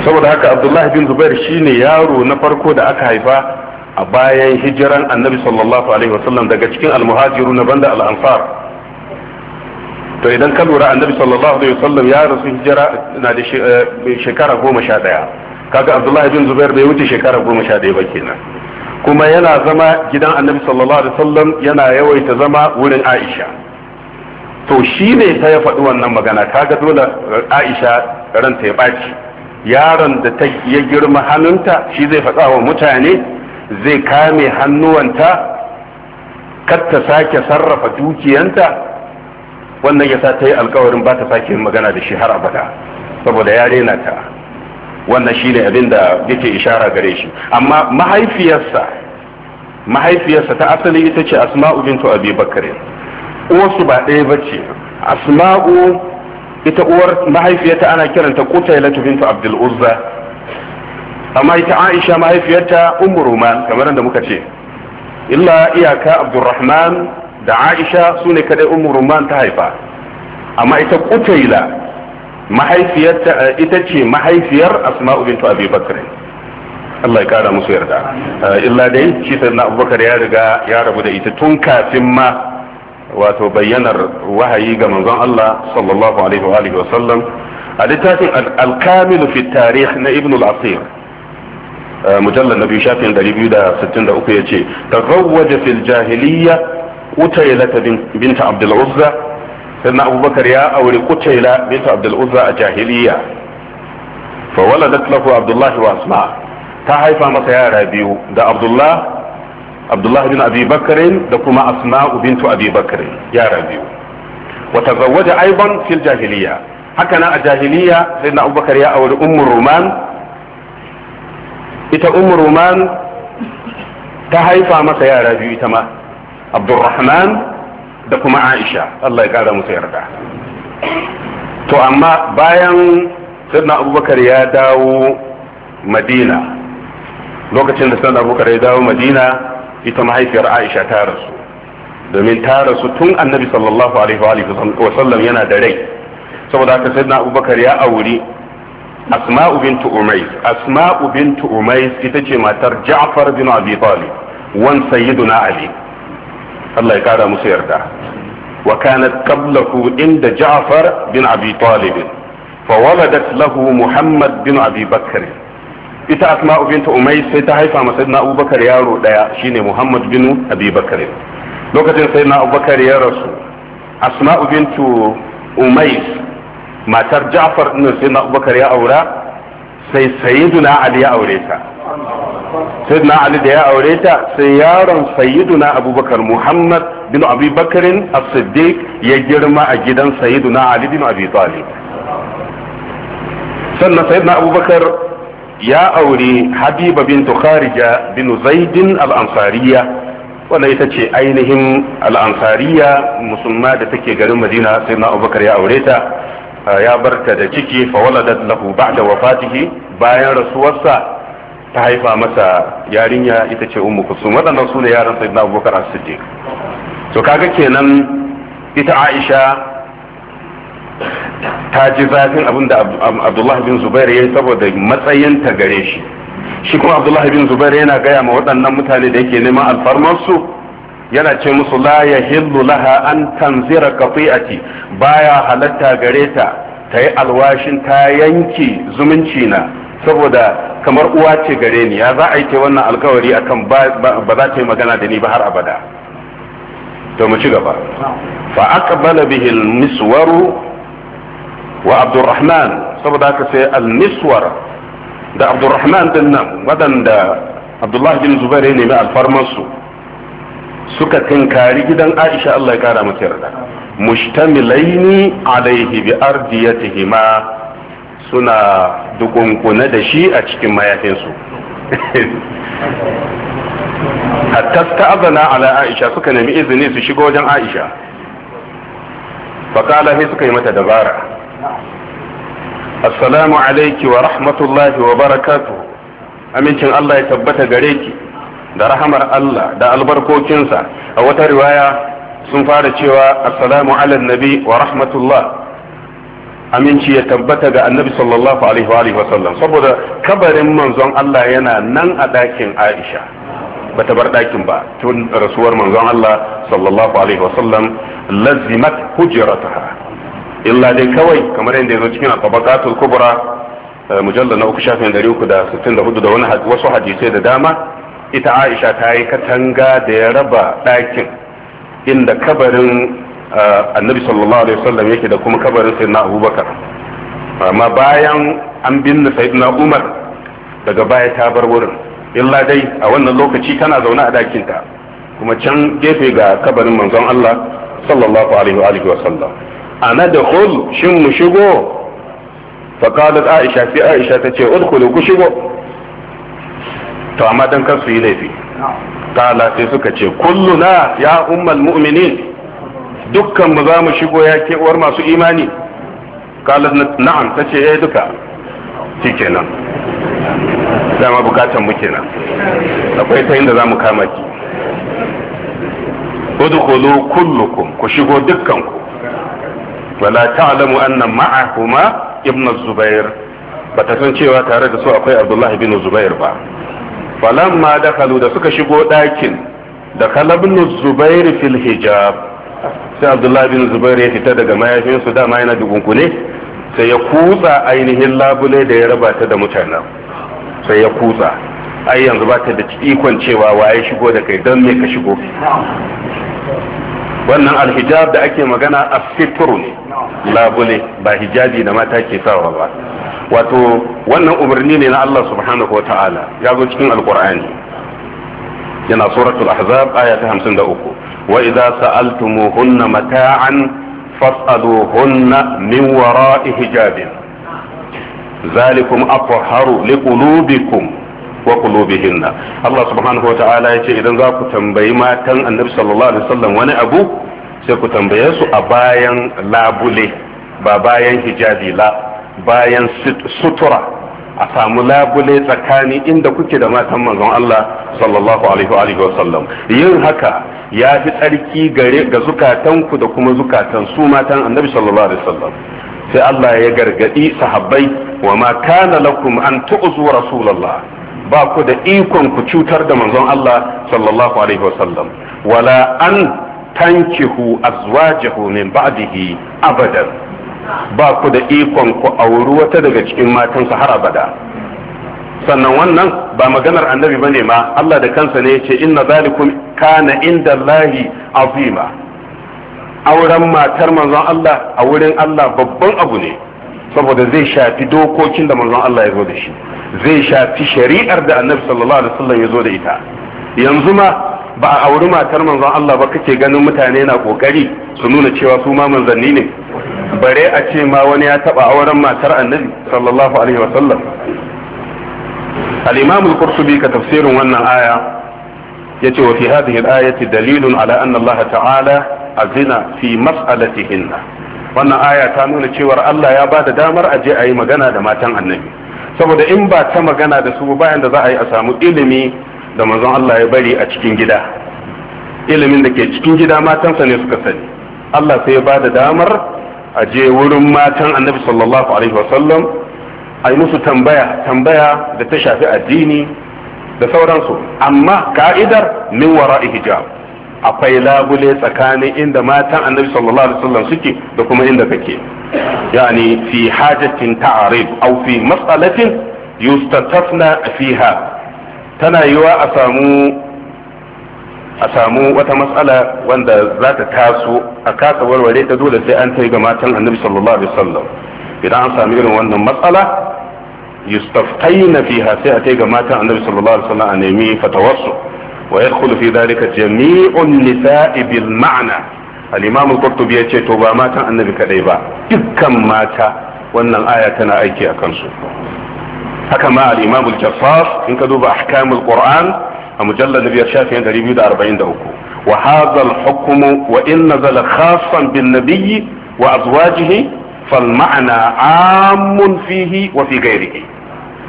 Speaker 1: saboda haka abdullahi bin zubair shine yaro na farko da aka haifa a bayan hijiran annabi sallallahu alaihi wasallam daga cikin almuhajiru na banda al-ansar to idan ka lura annabi sallallahu alaihi wasallam ya rasu hijira na da eh, shekara goma sha daya kaga abdullahi bin zubair bai wuce shekara goma sha daya ba kenan kuma yana zama gidan annabi sallallahu alaihi wasallam yana yawaita zama wurin aisha to shi ne ta ya faɗi wannan magana kaga dole aisha ranta ya ɓaci yaron da ta ya girma hannunta shi zai faɗa wa mutane zai kame hannuwanta kar ta sake sarrafa dukiyanta wannan ya sa ta yi alkawarin ba ta sake magana da shi har abada saboda ya rena ta wannan shi ne abin da yake ishara gare shi amma mahaifiyarsa mahaifiyarsa ta asali ita ce asma'u bintu abi bakare uwarsu ba ɗaya ba ce asma'u ita uwar mahaifiyarta ana kiranta kutailatu bintu abdul uzza amma ita aisha mahaifiyarta ummu ruman kamar da muka ce illa iyaka abdurrahman da Aisha su ne kadai Ummu Rumman ta haifa amma ita kutaila mahaifiyarta eh, ita ce mahaifiyar Asma'u bintu Abi Bakr Allah ya kara musu yarda eh, illa dai shi sayyidina Abubakar ya riga ya rabu da ita tun kafin ma wato bayyanar wahayi ga manzon Allah sallallahu alaihi wa alihi wa sallam a littafin al-kamil fi tarikh na Ibn al-Asir eh, mujallal na biyu shafin 263 yace tazawwaja fil jahiliyya utailata binta abdul uzza sannan abubakar ya aure kutaila binta abdul uzza a jahiliya fa waladat lahu abdullah wa asma ta haifa masa yara biyu da abdullah bin abi da kuma asma bintu abi bakarin yara biyu wa tazawwaja aidan fil jahiliya haka nan a jahiliya sayyidina abubakar ya aure ummu ita ummu ta haifa masa yara biyu ita ma Abdulrahman da kuma aisha Allah ya kara musu yarda to amma bayan sayyidina abubakar ya dawo madina lokacin da sayyidina abubakar ya dawo madina ita mahaifiyar aisha ta rasu domin ta rasu tun annabi sallallahu alaihi wa sallam yana da rai saboda haka sayyidina abubakar ya auri asma'u bintu umais asma'u bintu umais ita ce matar ja'far bin abi talib wan sayyiduna ali Allah ya kara musu yarda wa kanat qablahu inda Ja'far bin Abi Talib fa waladat lahu Muhammad bin Abi Bakr ita Asma'u bint Umayy sai ta haifa masa Sayyidina Abubakar yaro daya shine Muhammad bin Abi Bakr lokacin Sayyidina Bakr ya rasu Asma'u bint Umayy matar Ja'far din Sayyidina Bakr ya aura sai Sayyiduna Ali ya aure ta sayyidina ali da ya aure ta sai yaron sayyiduna abubakar muhammad bin abi bakarin as-siddiq ya girma a gidan sayyiduna ali bin abi talib sannan sayyidina abubakar ya aure habiba bin kharija bin zaidin al-ansariya wanda ita ce ainihin al-ansariya musulma da take garin madina sayyidina abubakar ya aureta. ta ya barta da ciki fa waladat lahu ba'da wafatihi bayan rasuwarsa ta haifa masa yarinya ita ce ummu kusum waɗannan su ne yaran sayyidina abubakar as-siddiq to kaga kenan ita aisha ta ji zafin abin da abdullahi bin zubair ya yi saboda matsayin ta gare shi shi kuma abdullahi bin zubair yana gaya ma waɗannan mutane da yake neman alfarmarsu yana ce musu la ya hillu laha an tanzira qati'ati baya halatta gare ta ta yi alwashin ta yanki zumunci na saboda kamar uwa ce gare ni ya za a yi ta wannan alkawari akan ba za ta yi magana da ni ba har abada to mu ci gaba fa aqbala bihi al-miswaru wa abdurrahman saboda haka sai al-miswar da abdurrahman din nan wadanda abdullah bin zubair ne mai alfarman su suka tinkari gidan aisha Allah ya kara mata yarda mushtamilaini alaihi bi ardiyatihima suna dukunkuna da shi a cikin mayafinsu hatta azana ala aisha suka nemi izini su shiga wajen aisha faƙala sai suka yi mata dabara assalamu alaiki wa rahmatullahi wa barakatu amincin Allah ya tabbata gare ki da rahamar Allah da albarkokinsa a wata riwaya sun fara cewa assalamu ala nabi wa rahmatullah aminci ya tabbata ga annabi sallallahu alaihi wa alihi wasallam saboda kabarin manzon Allah yana nan a ɗakin Aisha bata bar ɗakin ba tun rasuwar manzon Allah sallallahu alaihi wasallam lazimat hujrataha illa dai kawai kamar yadda yazo cikin tabaqatul kubra eh, mujalla na uku shafin dari uku da sittin da da wani wasu hadisai da dama ita aisha ta yi katanga da ya raba ɗakin inda kabarin annabi sallallahu alaihi wasallam yake da kuma kabarin sayyidina abubakar amma bayan an binne sayyidina umar daga baya ta bar wurin illa dai a wannan lokaci tana zaune a dakinta kuma can gefe ga kabarin manzon Allah sallallahu alaihi wa alihi wasallam ana da hul shin mu shigo fa qalat aisha fi aisha tace udkhulu ku shigo to amma dan kar su yi laifi kala sai suka ce kulluna ya ummal mu'minin dukkan ba za mu shigo ya ke uwar masu imani kalar na'am ta ce eh duka shi kenan dama bukatan mu kenan akwai ta inda za mu kama ki udkhulu kullukum ku shigo dukkan ku wala ta'lamu anna ma'ahuma ibn zubair bata san cewa tare da su akwai abdullahi ibn zubair ba falamma dakalu da suka shigo dakin da kalabnu zubair fil hijab sai abdullahi bin zubair ya fita daga mayafinsu dama yana dugugune sai ya kutsa ainihin labule da ya raba ta da mutanen sai ya kutsa ai yanzu ba ta da ikon cewa waye shigo da kai don me ka shigo wannan alhijab da ake magana a fitru ne labule ba hijabi da mata ke sawa ba wato wannan umarni ne na Allah subhanahu wa ta'ala ya zo cikin alkur'ani yana suratul ahzab aya ta 53 wa idza sa'altumuhunna mata'an fas'aluhunna min wara'i hijabin zalikum afharu liqulubikum wa hinna. Allah subhanahu wa ta'ala yace idan za ku tambayi matan Annabi sallallahu alaihi wasallam wani abu sai ku tambaye su a bayan labule ba bayan hijabi bayan sutura a samu labule tsakani inda kuke da matan manzon Allah sallallahu alaihi wa sallam yin haka ya fi tsarki gare ga zukatanku da kuma zukatan su matan annabi sallallahu alaihi wasallam sai Allah ya gargadi sahabbai wa ma kana lakum an tu'zu rasulullah ba ku da ikon ku cutar da manzon Allah sallallahu alaihi wala an tankihu azwajahu min ba'dihi abadan ba ku da ikon ku auri wata daga cikin matansa har abada sannan wannan ba maganar annabi bane ma Allah da kansa ne ya yace inna zalikum kana inda lahi azima auren matar manzon Allah a wurin Allah babban abu ne saboda zai shafi dokokin da manzon Allah ya zo da shi zai shafi shari'ar da annabi sallallahu alaihi wasallam ya zo da ita yanzu ma ba a auri matar manzon Allah ba kake ganin mutane na kokari su nuna cewa su ma manzanni ne bare a ce ma wani ya taba auren matar annabi sallallahu alaihi wasallam al-imam al-qurtubi ka tafsirin wannan aya yace wa fi hadhihi al-ayati dalilun ala anna Allah ta'ala azina fi mas'alatihinna wannan aya ta nuna cewar Allah ya bada damar a je a yi magana da matan annabi saboda in ba ta magana da su bayan da za a yi a samu ilimi da manzon Allah ya bari a cikin gida ilimin da ke cikin gida matansa ne suka sani Allah sai ya bada damar a je wurin matan annabi sallallahu alaihi wasallam a yi musu tambaya tambaya da ta shafi addini da sauransu amma ka'idar min wara hijab akwai labule tsakanin inda matan annabi sallallahu alaihi wasallam suke da kuma inda kake yani fi hajatin ta'arif aw fi mas'alatin yustatafna fiha tana yiwa a samu a samu wata matsala wanda za ta taso a kasa warware ta dole sai an tai ga matan annabi sallallahu alaihi wasallam idan an sami irin wannan matsala yustaftaina fiha sai a tai ga matan annabi sallallahu alaihi wasallam a nemi fatawassu wa yadkhulu fi dhalika jami'un nisa'i bil ma'na al-imam al-qurtubi to ba matan annabi kadai ba dukkan mata wannan aya tana aiki a kansu haka ma al-imam al in ka duba ahkamul qur'an a mujallar da biyar shafin ɗari biyu da arba'in da uku wa hukumu wa in nazala khasan bin nabiyyi wa azwajihi fal ma'ana amun fihi wa fi ghairihi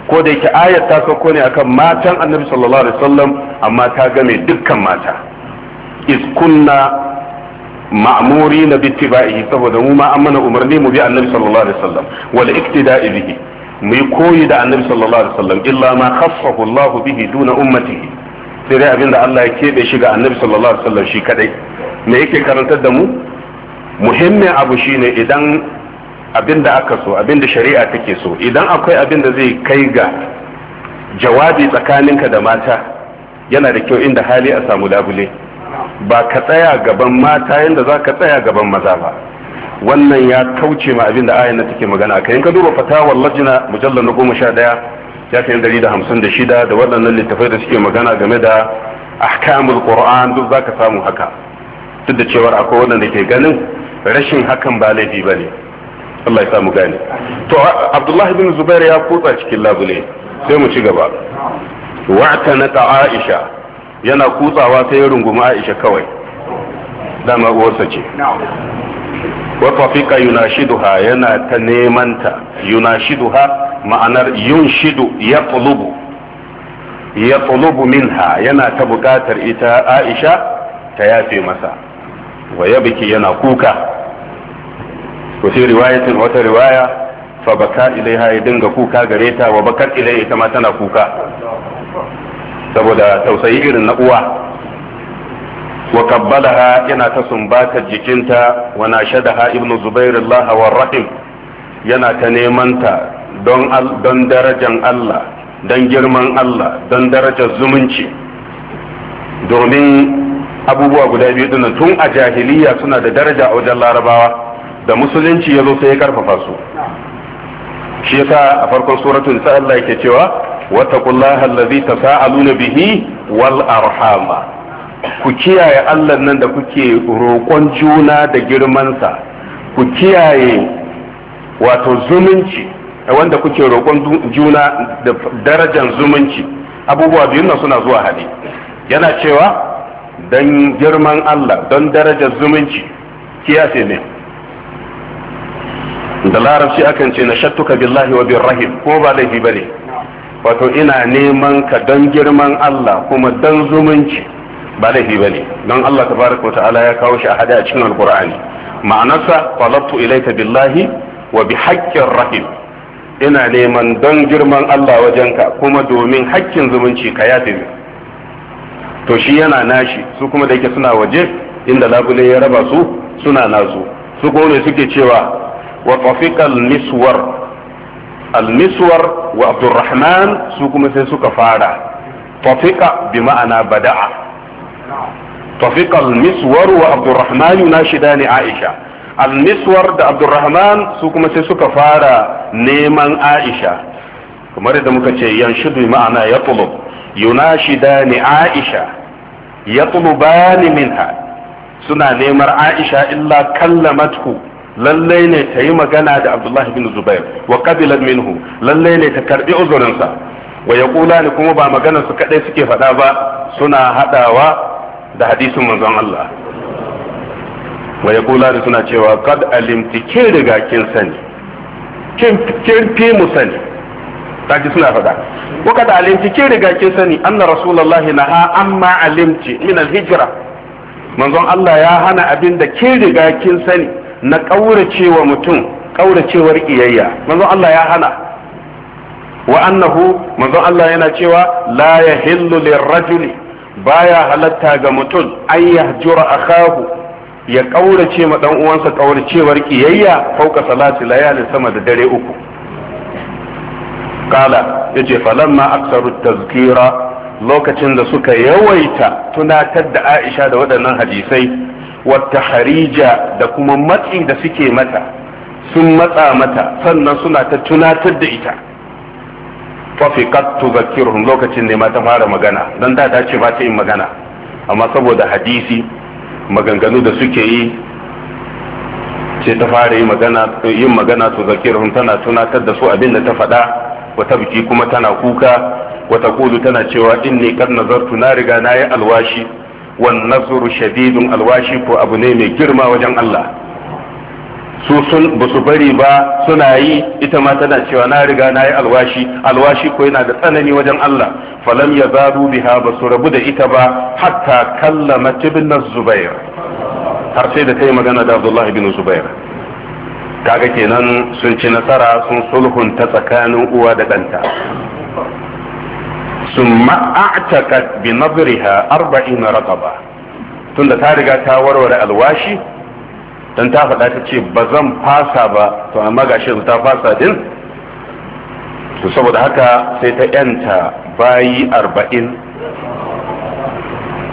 Speaker 1: ko da yake ta sako ne akan matan annabi sallallahu alaihi wasallam amma ta game dukkan mata Iskunna kunna ma'amuri na bittiba'ihi saboda mu ma an umarni mu bi annabi sallallahu alaihi wasallam wal iktida'i bihi mu yi koyi da annabi sallallahu alaihi wasallam illa ma khassahu Allah bihi duna ummatihi sai dai abinda Allah ya keɓe shi ga annabi sallallahu alaihi wasallam shi kadai me yake karantar da mu muhimmin abu shine idan abinda aka so abinda shari'a take so idan akwai abinda zai kai ga jawabi tsakaninka da mata yana da kyau inda hali a samu labule ba ka tsaya gaban mata yadda za ka tsaya gaban maza ba wannan ya kauce ma abinda ayan take magana kai in ka duba fatawar lajina mujallar na goma sha daya shafin dari da waɗannan littafai da suke magana game da ahkamul qur'an duk zaka samu haka duk da cewar akwai waɗanda ke ganin rashin hakan ba laifi bane Allah ya samu gane to Abdullah ibn Zubair ya kutsa cikin labule sai mu ci gaba wa'tana Aisha yana kutsawa sai ya rungumi Aisha kawai dama uwarsa ce wa tafiqa yunashiduha yana ta neman ta yunashiduha ma'anar shidu ya ƙulubu ya ƙulubu minha yana ta buƙatar ita aisha ta yafe masa wa ya biki yana kuka wasu riwayatin wata riwaya fa baka ilaiha ya dinga kuka gare ta wa bakar ilai ita ma tana kuka saboda tausayi irin na uwa wa kabbalaha yana ta sumbatar jikinta wa nashadaha ibnu zubairullah wa rahim yana ta neman ta don darajan Allah don girman Allah don darajar zumunci domin abubuwa guda biyu din tun a jahiliya suna da daraja a wajen larabawa da musulunci ya zo sai ya karfafa su shi yasa a farkon suratul sa Allah yake cewa wattaqullaha allazi tasaaluna bihi wal arhama ku kiyaye Allah nan da kuke roƙon juna da girmansa ku kiyaye wato zumunci wanda kuke roƙon juna da darajar zumunci abubuwa biyun nan suna zuwa hade yana cewa don girman Allah don darajar zumunci kiyase ne da larabci akan ce na shattuka billahi wa rahim ko ba laifi ba ne wato ina neman ka don girman Allah kuma don zumunci ba laifi ba ne don Allah tabaraka wa ta'ala ya kawo shi a hada a cikin alkur'ani ma'anarsa talabtu ilaika billahi wa bi haƙƙin rahim ina neman don girman Allah wajenka kuma domin hakkin zumunci ka yafe min to shi yana nashi su kuma da yake suna waje inda labule ya raba su suna nasu su kuma suke cewa wa tafiqal miswar al miswar wa abdurrahman su kuma sai suka fara tafiqa bi ma'ana bada'a tafiqal miswar wa abdurrahman yunashidani aisha al da abdurrahman su kuma sai suka fara neman aisha kamar yadda muka ce yanshudu ma'ana ya tulub yunashida ni aisha ya tulubani minha suna neman aisha illa kallamatku lallai ne ta yi magana da abdullahi bin zubair wa qabilat minhu lallai ne ta karbi uzurinsa wa yaqula ni kuma ba maganar su kadai suke faɗa ba suna hadawa da hadisin manzon Allah wa ya kula da suna cewa kad alimti kin riga kin sani kin fi mu sani kaji suna faɗa ko kad alimti kin riga kin sani anna rasulullahi naha amma alimti min alhijra manzon Allah ya hana abin da kin riga kin sani na kauracewa mutum kauracewar iyayya manzon Allah ya hana wa annahu manzon Allah yana cewa la yahillu lirrajuli baya halatta ga mutum an yahjura akahu ya ƙaurace ma ɗan uwansa kauracewar kiyayya fauka salati layalin sama da dare uku kala yace falamma aksaru tazkira lokacin da suka yawaita tunatar da Aisha da waɗannan hadisai wata harija da kuma matsi da suke mata sun matsa mata sannan suna ta tunatar da ita fafiqat tuzakkiruhum lokacin ne ma ta fara magana don da ta ce ba ta yin magana amma saboda hadisi maganganu da suke yi ce ta fara yin magana su zakirun tana tunatar da su abin da ta faɗa wata biki kuma tana kuka wata kulu tana cewa inni kan nazartu na riga na yi alwashi wan nazru shadidun alwashi ko abu ne mai girma wajen Allah su sun ba su bari ba suna yi ita ma tana cewa na riga na yi alwashi alwashi ko yana da tsanani wajen Allah falam ya zaru biha ba su rabu da ita ba hatta kallama ibn zubair har sai da kai magana da Abdullah ibn zubair kaga kenan sun ci nasara sun sulhun ta tsakanin uwa da ɗanta sun ma'atakat bi nadriha 40 raqaba tunda ta riga ta warware alwashi dan ta faɗa ta ce ba zan fasa ba to amma gashi ta fasa din to saboda haka sai ta yanta bayi arba'in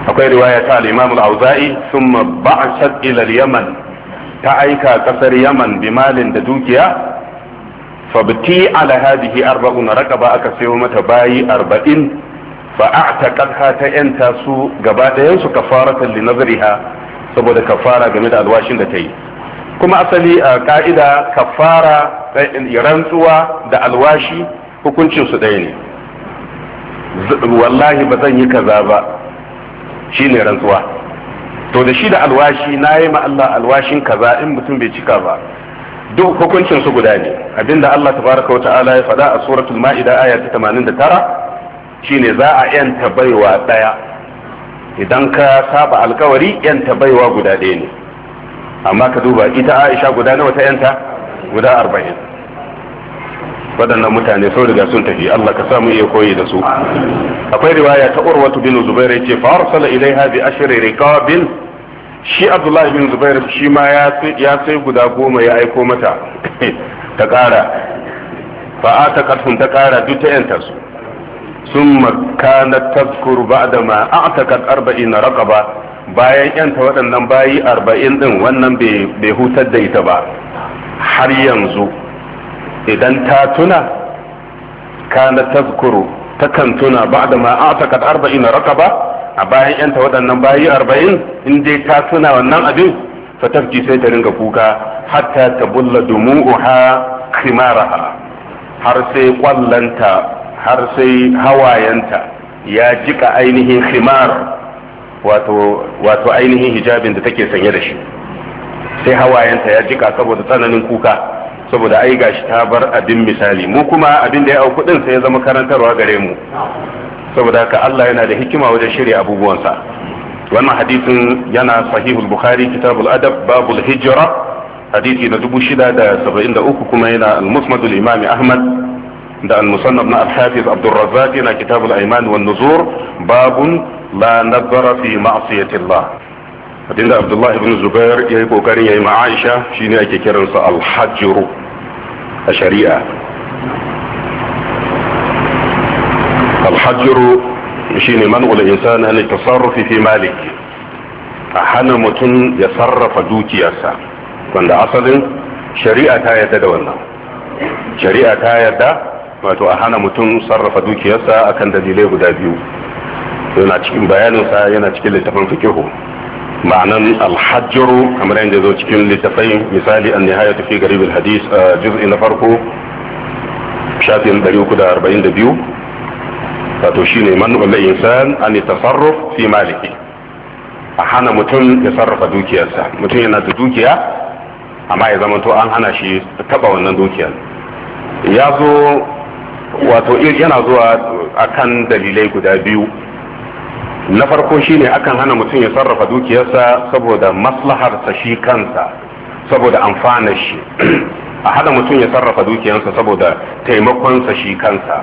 Speaker 1: akwai riwaya ta al-imam al-auza'i thumma ba'shat ila al-yaman ta aika kasar yaman bi malin da dukiya fabti ala hadihi arba'una raqaba aka sayo mata bayi arba'in fa a'taqatha ta yanta su gaba ɗayan su kafaratan li nazriha saboda kafara game da alwashin da ta yi kuma asali a ka'ida kafara eh, rantsuwa da alwashi hukuncin su ɗaya ne wallahi ba zan yi kaza ba ne rantsuwa to da shi da alwashi na yi ma Allah alwashin kaza in mutum bai cika ba duk hukuncin su guda ne abinda Allah tabaraka wa ta'ala ya faɗa a suratul ma'ida aya ta 89 shine za a yanta baiwa daya idan ka saba alkawari yanta baiwa guda ɗaya ne amma ka duba ita aisha guda nawa ta yanta guda arba'in waɗannan mutane sau riga sun tafi Allah ka samu iya koyi da su akwai riwaya ta urwatu bin zubair ce fa arsala ilaiha bi ashri riqabin shi abdullahi bin zubair shi ma ya sai guda goma ya aiko mata ta ƙara fa ataqathum ta ƙara duk ta yanta su ثم كانت تذكر بعدما اعتقد 40 رقبه bayan yanta waɗannan bayi arba'in ɗin wannan bai hutar da ita ba har yanzu idan ta tuna kana tazkuru takan tuna ba da ma atakat arba'in ba a bayan yanta waɗannan bayi arba'in in dai ta tuna wannan abin tafki sai ta ringa kuka hatta tabulla dumu'uha khimaraha har sai kwallanta har sai hawayenta ya jika ainihin khimar wato wato ainihin hijabin da take sanye da shi sai hawayenta ya jika saboda tsananin kuka saboda ai gashi ta bar abin misali mu kuma abin da ya auku din sai ya zama karantarwa gare mu saboda haka Allah yana da hikima wajen shirya abubuwansa wannan hadisin yana sahihul bukhari kitabul adab babul hijra hadisi na 673 kuma yana al-musnadul imami ahmad ده المصنف ابن الحافظ عبد الرزاق الى كتاب الايمان والنذور باب لا نذر في معصيه الله عند عبد الله بن الزبير يا كوكاري يا ام عائشه شنو اكي كيرنسا الحجر الشريعه الحجر شنو من الانسان ان التصرف في مالك احنا متن يصرف دوتي يسا عند اصل شريعه هاي تدولنا شريعه هاي ده wato a hana mutum sarrafa dukiyarsa akan dalilai guda biyu yana cikin bayaninsa yana cikin littafin fikihu ma'anan alhajjaru kamar yadda zo cikin littafai misali an nihaya tafi a juz'i na farko shafin 342 wato shine man insan an tasarruf fi maliki a hana mutum ya sarrafa dukiyarsa mutum yana da dukiya amma ya zama to an hana shi taba wannan dukiyar ya zo wato yana zuwa a kan dalilai guda biyu na farko shine akan hana mutum ya sarrafa dukiyarsa saboda maslaharsa shi kansa saboda amfanar shi a hana mutum ya sarrafa dukiyarsa saboda taimakonsa shi kansa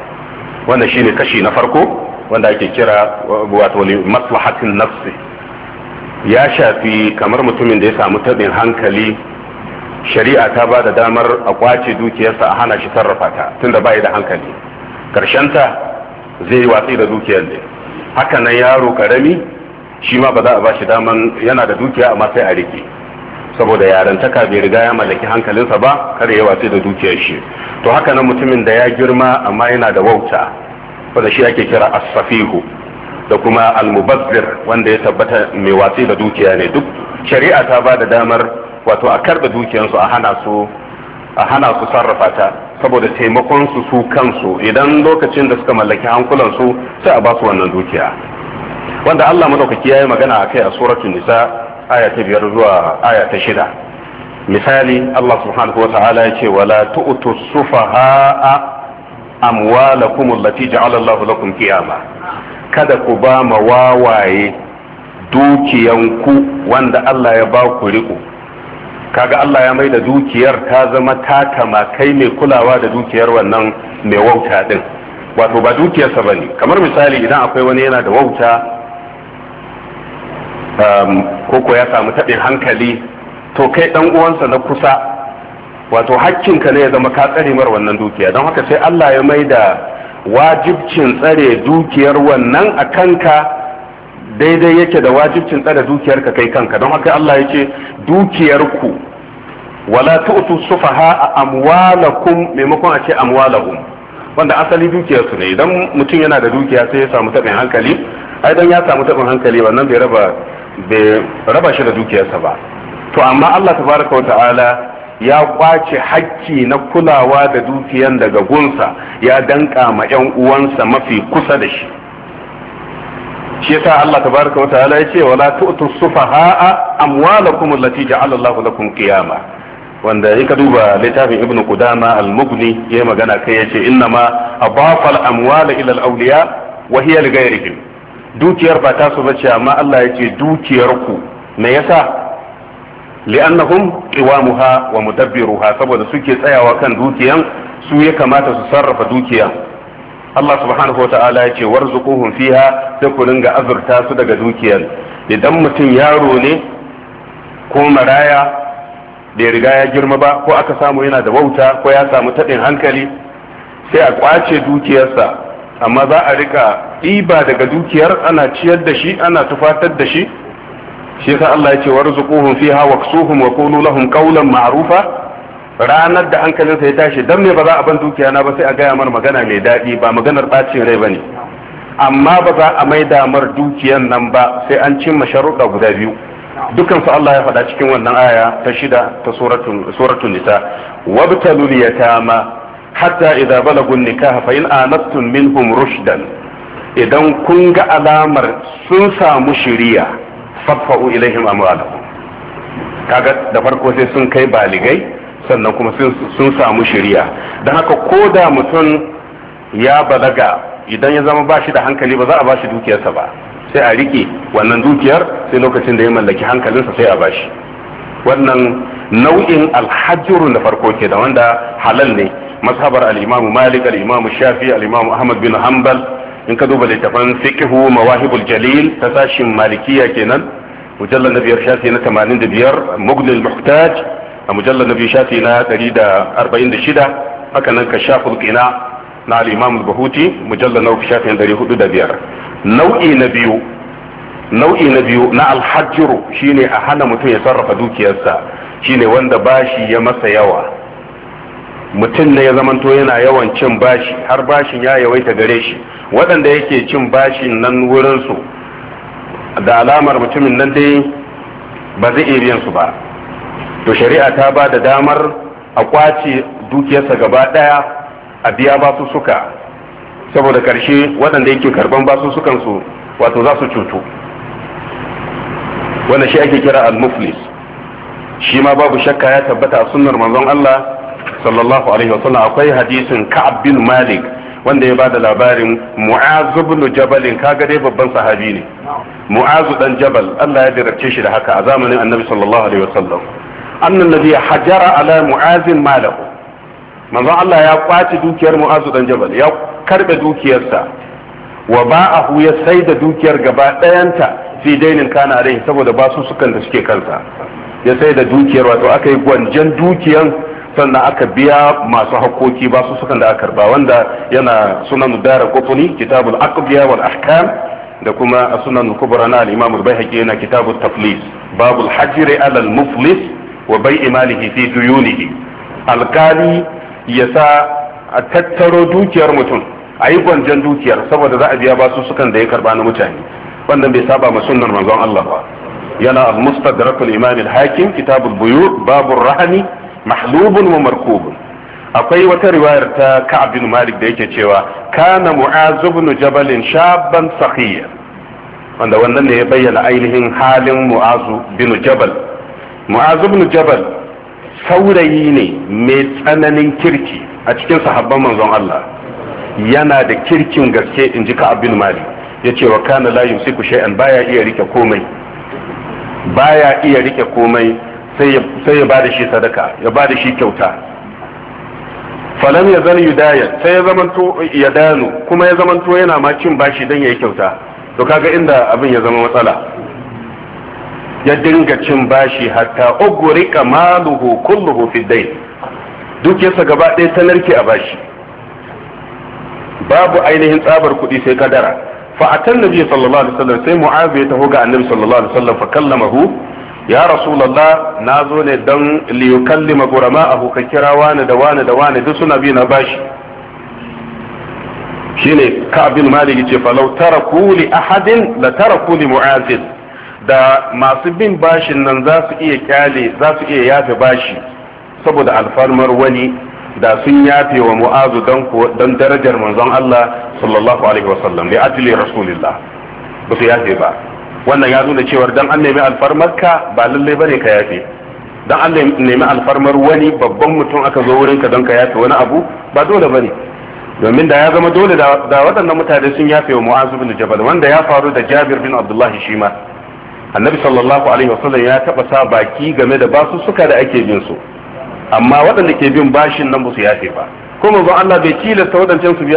Speaker 1: wanda shine kashi na farko wanda ake kira wato maslahatin nafsi ya shafi kamar mutumin da ya samu tabin hankali shari'a ta ba da damar a kwace dukiyarsa a hana shi sarrafa ta tunda bai da hankali karshenta zai yi watsi da dukiyar ne haka nan yaro karami shi ma ba za a ba shi damar yana da dukiya amma sai a rike saboda yaren yarantaka bai riga ya mallaki hankalinsa ba kar ya watsi da dukiyar shi to haka nan mutumin da ya girma amma yana da wauta wanda shi ake kira as da kuma al-mubazzir wanda ya tabbata mai watsi da dukiya ne duk shari'a ta ba da damar wato a karɓe dukiyansu a hana su a hana su sarrafa ta saboda taimakon su su kansu idan lokacin da suka mallaki hankulansu su sai a ba su wannan dukiya wanda Allah madaukaki yayi magana akai a suratul nisa aya ta biyar zuwa aya ta shida misali Allah subhanahu wa ta'ala ya ce wala tu'tu sufaha amwalakum allati ja'ala Allah lakum qiyama kada ku ba ma wawaye dukiyanku wanda Allah ya ba ku riko kaga Allah ya mai da dukiyar ta zama taka kai mai kulawa da dukiyar wannan mai wauta din wato ba dukiyarsa ba ne kamar misali idan akwai wani yana da wauta koko um, ya samu taɓin hankali to kai ɗan uwansa na kusa wato hakkinka ne ya zama ka tsare mar wannan dukiya don haka sai Allah ya mai da wajibcin tsare dukiyar wannan a kanka daidai yake da wajibcin dukiyar ka kai kanka don haka Allah yake dukiyarku wala tu'tu sufaha amwalakum maimakon a ce amwalahum wanda asali dukiyar su ne idan mutum yana da dukiya sai ya samu tabin hankali ai dan ya samu tabin hankali wannan bai raba bai raba shi da dukiyarsa ba to amma Allah tabaraka wata'ala ya kwace hakki na kulawa da dukiyar daga gunsa ya danka ma 'yan uwansa mafi kusa da shi shi yasa Allah tabaraka wa ta'ala ya ce wala tu'tu sufaha'a amwalakum allati ja'ala Allahu lakum qiyama wanda in ka duba littafin ibnu qudama al-mughni ya magana kai yace inna ma abafa al-amwal ila al-awliya wa hiya li dukiyar ba ta su bace amma Allah ya ce dukiyar ku me yasa li'annahum qiwamuha wa mudabbiruha saboda suke tsayawa kan dukiyan su ya kamata su sarrafa dukiyan Allah subhanahu wa ta'ala ya ce warzuquhum fiha sai ku ringa azurta su daga dukiyar idan mutum yaro ne ko maraya bai riga ya girma ba ko aka samu yana da wauta ko ya samu taɗin hankali sai a kwace dukiyarsa amma za a rika ɗiba daga dukiyar ana ciyar da shi ana tufatar da shi shi yasa Allah ya ce warzuquhum fiha waksuhum wa qulu lahum qawlan ma'rufa ranar da hankalinsa ya tashi don me ba za a ban dukiya na ba sai a gaya mar magana mai daɗi ba maganar ɓacin rai ba ne amma ba za a mai damar dukiyan nan ba sai an cimma sharuɗa guda biyu dukansu Allah ya faɗa cikin wannan aya ta shida ta suratun nisa wabtalul yatama hatta idza balagun nikaha fa in anastum minhum rushdan idan kun ga alamar sun samu shiriya fafa'u ilaihim amwalahum kaga da farko sai sun kai baligai sannan kuma sun samu shari'a don haka ko da mutum ya balaga idan ya zama ba shi da hankali ba za a ba shi dukiyarsa ba sai a rike wannan dukiyar sai lokacin da ya mallaki hankalinsa sai a ba shi wannan nau'in alhajjurun da farko ke da wanda halal ne mazhabar al malik al shafi al ahmad bin hanbal in ka duba littafan fiqhu mawahibul jalil ta sashin malikiya kenan mujallal na biyar shafi na 85 mughnil muhtaj a mujallar na biyu shafi na 146 haka nan ka shafin ina na al'imam bahuti mujallar na uku shafi na 405 nau'i na biyu nau'i na biyu na alhajjuru shine a hana mutum ya sarrafa dukiyarsa shine wanda bashi ya masa yawa mutum ne ya zamanto yana yawan cin bashi har bashin ya yawaita gare shi waɗanda yake cin bashin nan wurinsu da alamar mutumin nan dai ba zai iya biyan su ba to shari'a ta ba da damar a kwace dukiyarsa gaba daya a biya basu suka saboda karshe waɗanda yake karban basu sukan su wato za su cutu wanda shi ake kira al-muflis shi ma babu shakka ya tabbata a sunnar manzon Allah sallallahu alaihi wasallam akwai hadisin Ka'ab bin Malik wanda ya bada labarin Mu'az ibn Jabal kaga dai babban sahabi ne Mu'az dan Jabal Allah ya dirabce shi da haka a zamanin Annabi sallallahu alaihi wasallam annan nabi hajara ala mu'azin malahu manzon Allah ya kwace dukiyar mu'azu dan jabal ya karbe dukiyarsa wa ba'ahu ya sai da dukiyar gaba ɗayanta fi dainin kana alaihi saboda basu sukan da suke kansa ya sai da dukiyar wato aka yi gwanjan dukiyan sannan aka biya masu hakoki basu sukan da aka karba wanda yana sunan dara kofuni kitabul aqdiya wal ahkam da kuma sunan kubra na al-imam al-baihaqi yana kitabut taflis babul hajri ala muflis wa bai'i malihi fi duyunihi alkali ya sa a tattaro dukiyar mutum a yi gwanjan dukiyar saboda za a biya basu sukan da ya karba na mutane wannan bai saba ma sunnar manzon Allah ba yana al-mustadrak al-imam al-hakim kitabul al-buyur bab ar-rahmi wa markubun. akwai wata riwayar ta Ka'ab bin Malik da yake cewa kana Mu'az ibn Jabal shaban sakhiya wanda wannan ne ya bayyana ainihin halin Mu'az bin Jabal mu'az jabal saurayi ne mai tsananin kirki a cikin sahabban manzon Allah yana da kirkin gaske in ji ka'ab mali, ya yace wa kana la yumsiku shay'an baya iya rike komai baya iya rike komai sai ya bada shi sadaka ya bada shi kyauta falam ya zan yudaya sai ya zamanto ya dano kuma ya zamanto yana ma cin bashi dan yayi kyauta to kaga inda abin ya zama matsala ya dinga cin bashi hatta ugurika maluhu kulluhu fi dain dukiyarsa gaba ɗaya ta narke a bashi babu ainihin tsabar kuɗi sai kadara fa atan nabi sallallahu alaihi wasallam sai mu'azu ya taho ga annabi sallallahu alaihi wasallam fa kallamahu ya rasulullah na zo ne don liyukallima gurama'ahu ka kira wani da wani da wani duk suna bi na bashi shine ka'ab bin malik ce falau taraku li ahadin la taraku li mu'azin da masu bin bashin nan za su iya kyale za su iya yafe bashi saboda alfarmar wani da sun yafe wa mu'azu don darajar manzon Allah sallallahu alaihi wasallam da ajili rasulillah ba su yafe ba wannan ya nuna cewar dan an nemi alfarmar ka ba lallai bane ka yafe dan an nemi alfarmar wani babban mutum aka zo wurin ka don ka yafe wani abu ba dole bane domin da ya zama dole da waɗannan mutane sun yafe wa mu'azu bin jabal wanda ya faru da Jabir bin Abdullahi shima annabi sallallahu alaihi wasallam ya taba sa baki game da basu suka da ake bin su amma waɗanda ke bin bashin nan su yafe ba ko ba Allah bai tilasta waɗancan su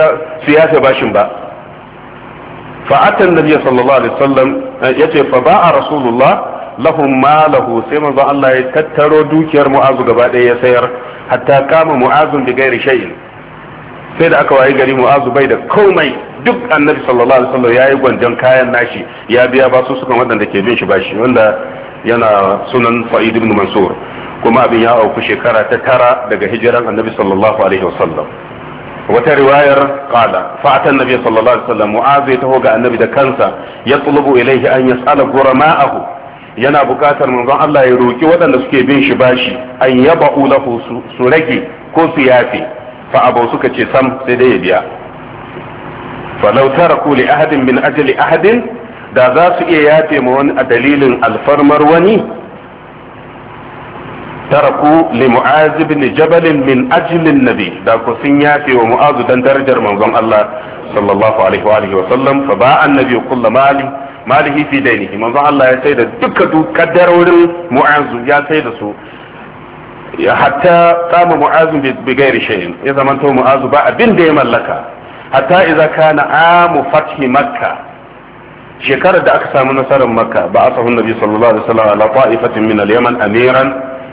Speaker 1: su yafe bashin ba fa atan nabi sallallahu alaihi wasallam eh, yace fa ba rasulullah lahum ma lahu sai manzo Allah ya tattaro dukiyar mu'azu gaba ya sayar hatta kama mu'azun bi gairi shay'in sai da aka wayi gari mu'azu bai da komai duk annabi sallallahu alaihi wasallam yayi gwanjan kayan nashi ya biya ba su sukan wadanda ke bin shi bashi wanda yana sunan sa'id ibn mansur kuma abin ya auku shekara ta tara daga hijiran annabi sallallahu alaihi wasallam wata riwayar qala fa'ata annabi sallallahu alaihi wasallam mu'az ya ga annabi da kansa ya tulubu ilaihi an yas'ala gurama'ahu yana bukatar manzon Allah ya roki waɗanda suke bin shi bashi an yaba'u lahu su rage ko su yafe fa suka ce sam sai dai ya biya falau taraku li ahadin min ajli ahadin da za su iya yafe ma wani a dalilin alfarmar wani taraku li mu'az ibn jabal min ajli nabi da ku sun yafe wa mu'azu dan darajar manzon Allah sallallahu alaihi wa alihi wa sallam fa ba annabi kullu mali malihi fi dainihi manzon Allah ya sai da duka kaddarorin mu'azu ya sai da su ya hatta kama mu'azu bi gairi shay'in ya zamanto mu'azu ba abin da ya mallaka hatta idza kana amu fathi makka shekarar da aka samu nasarar makka ba asahu nabi sallallahu alaihi wasallam ala ta'ifatin min al-yaman amiran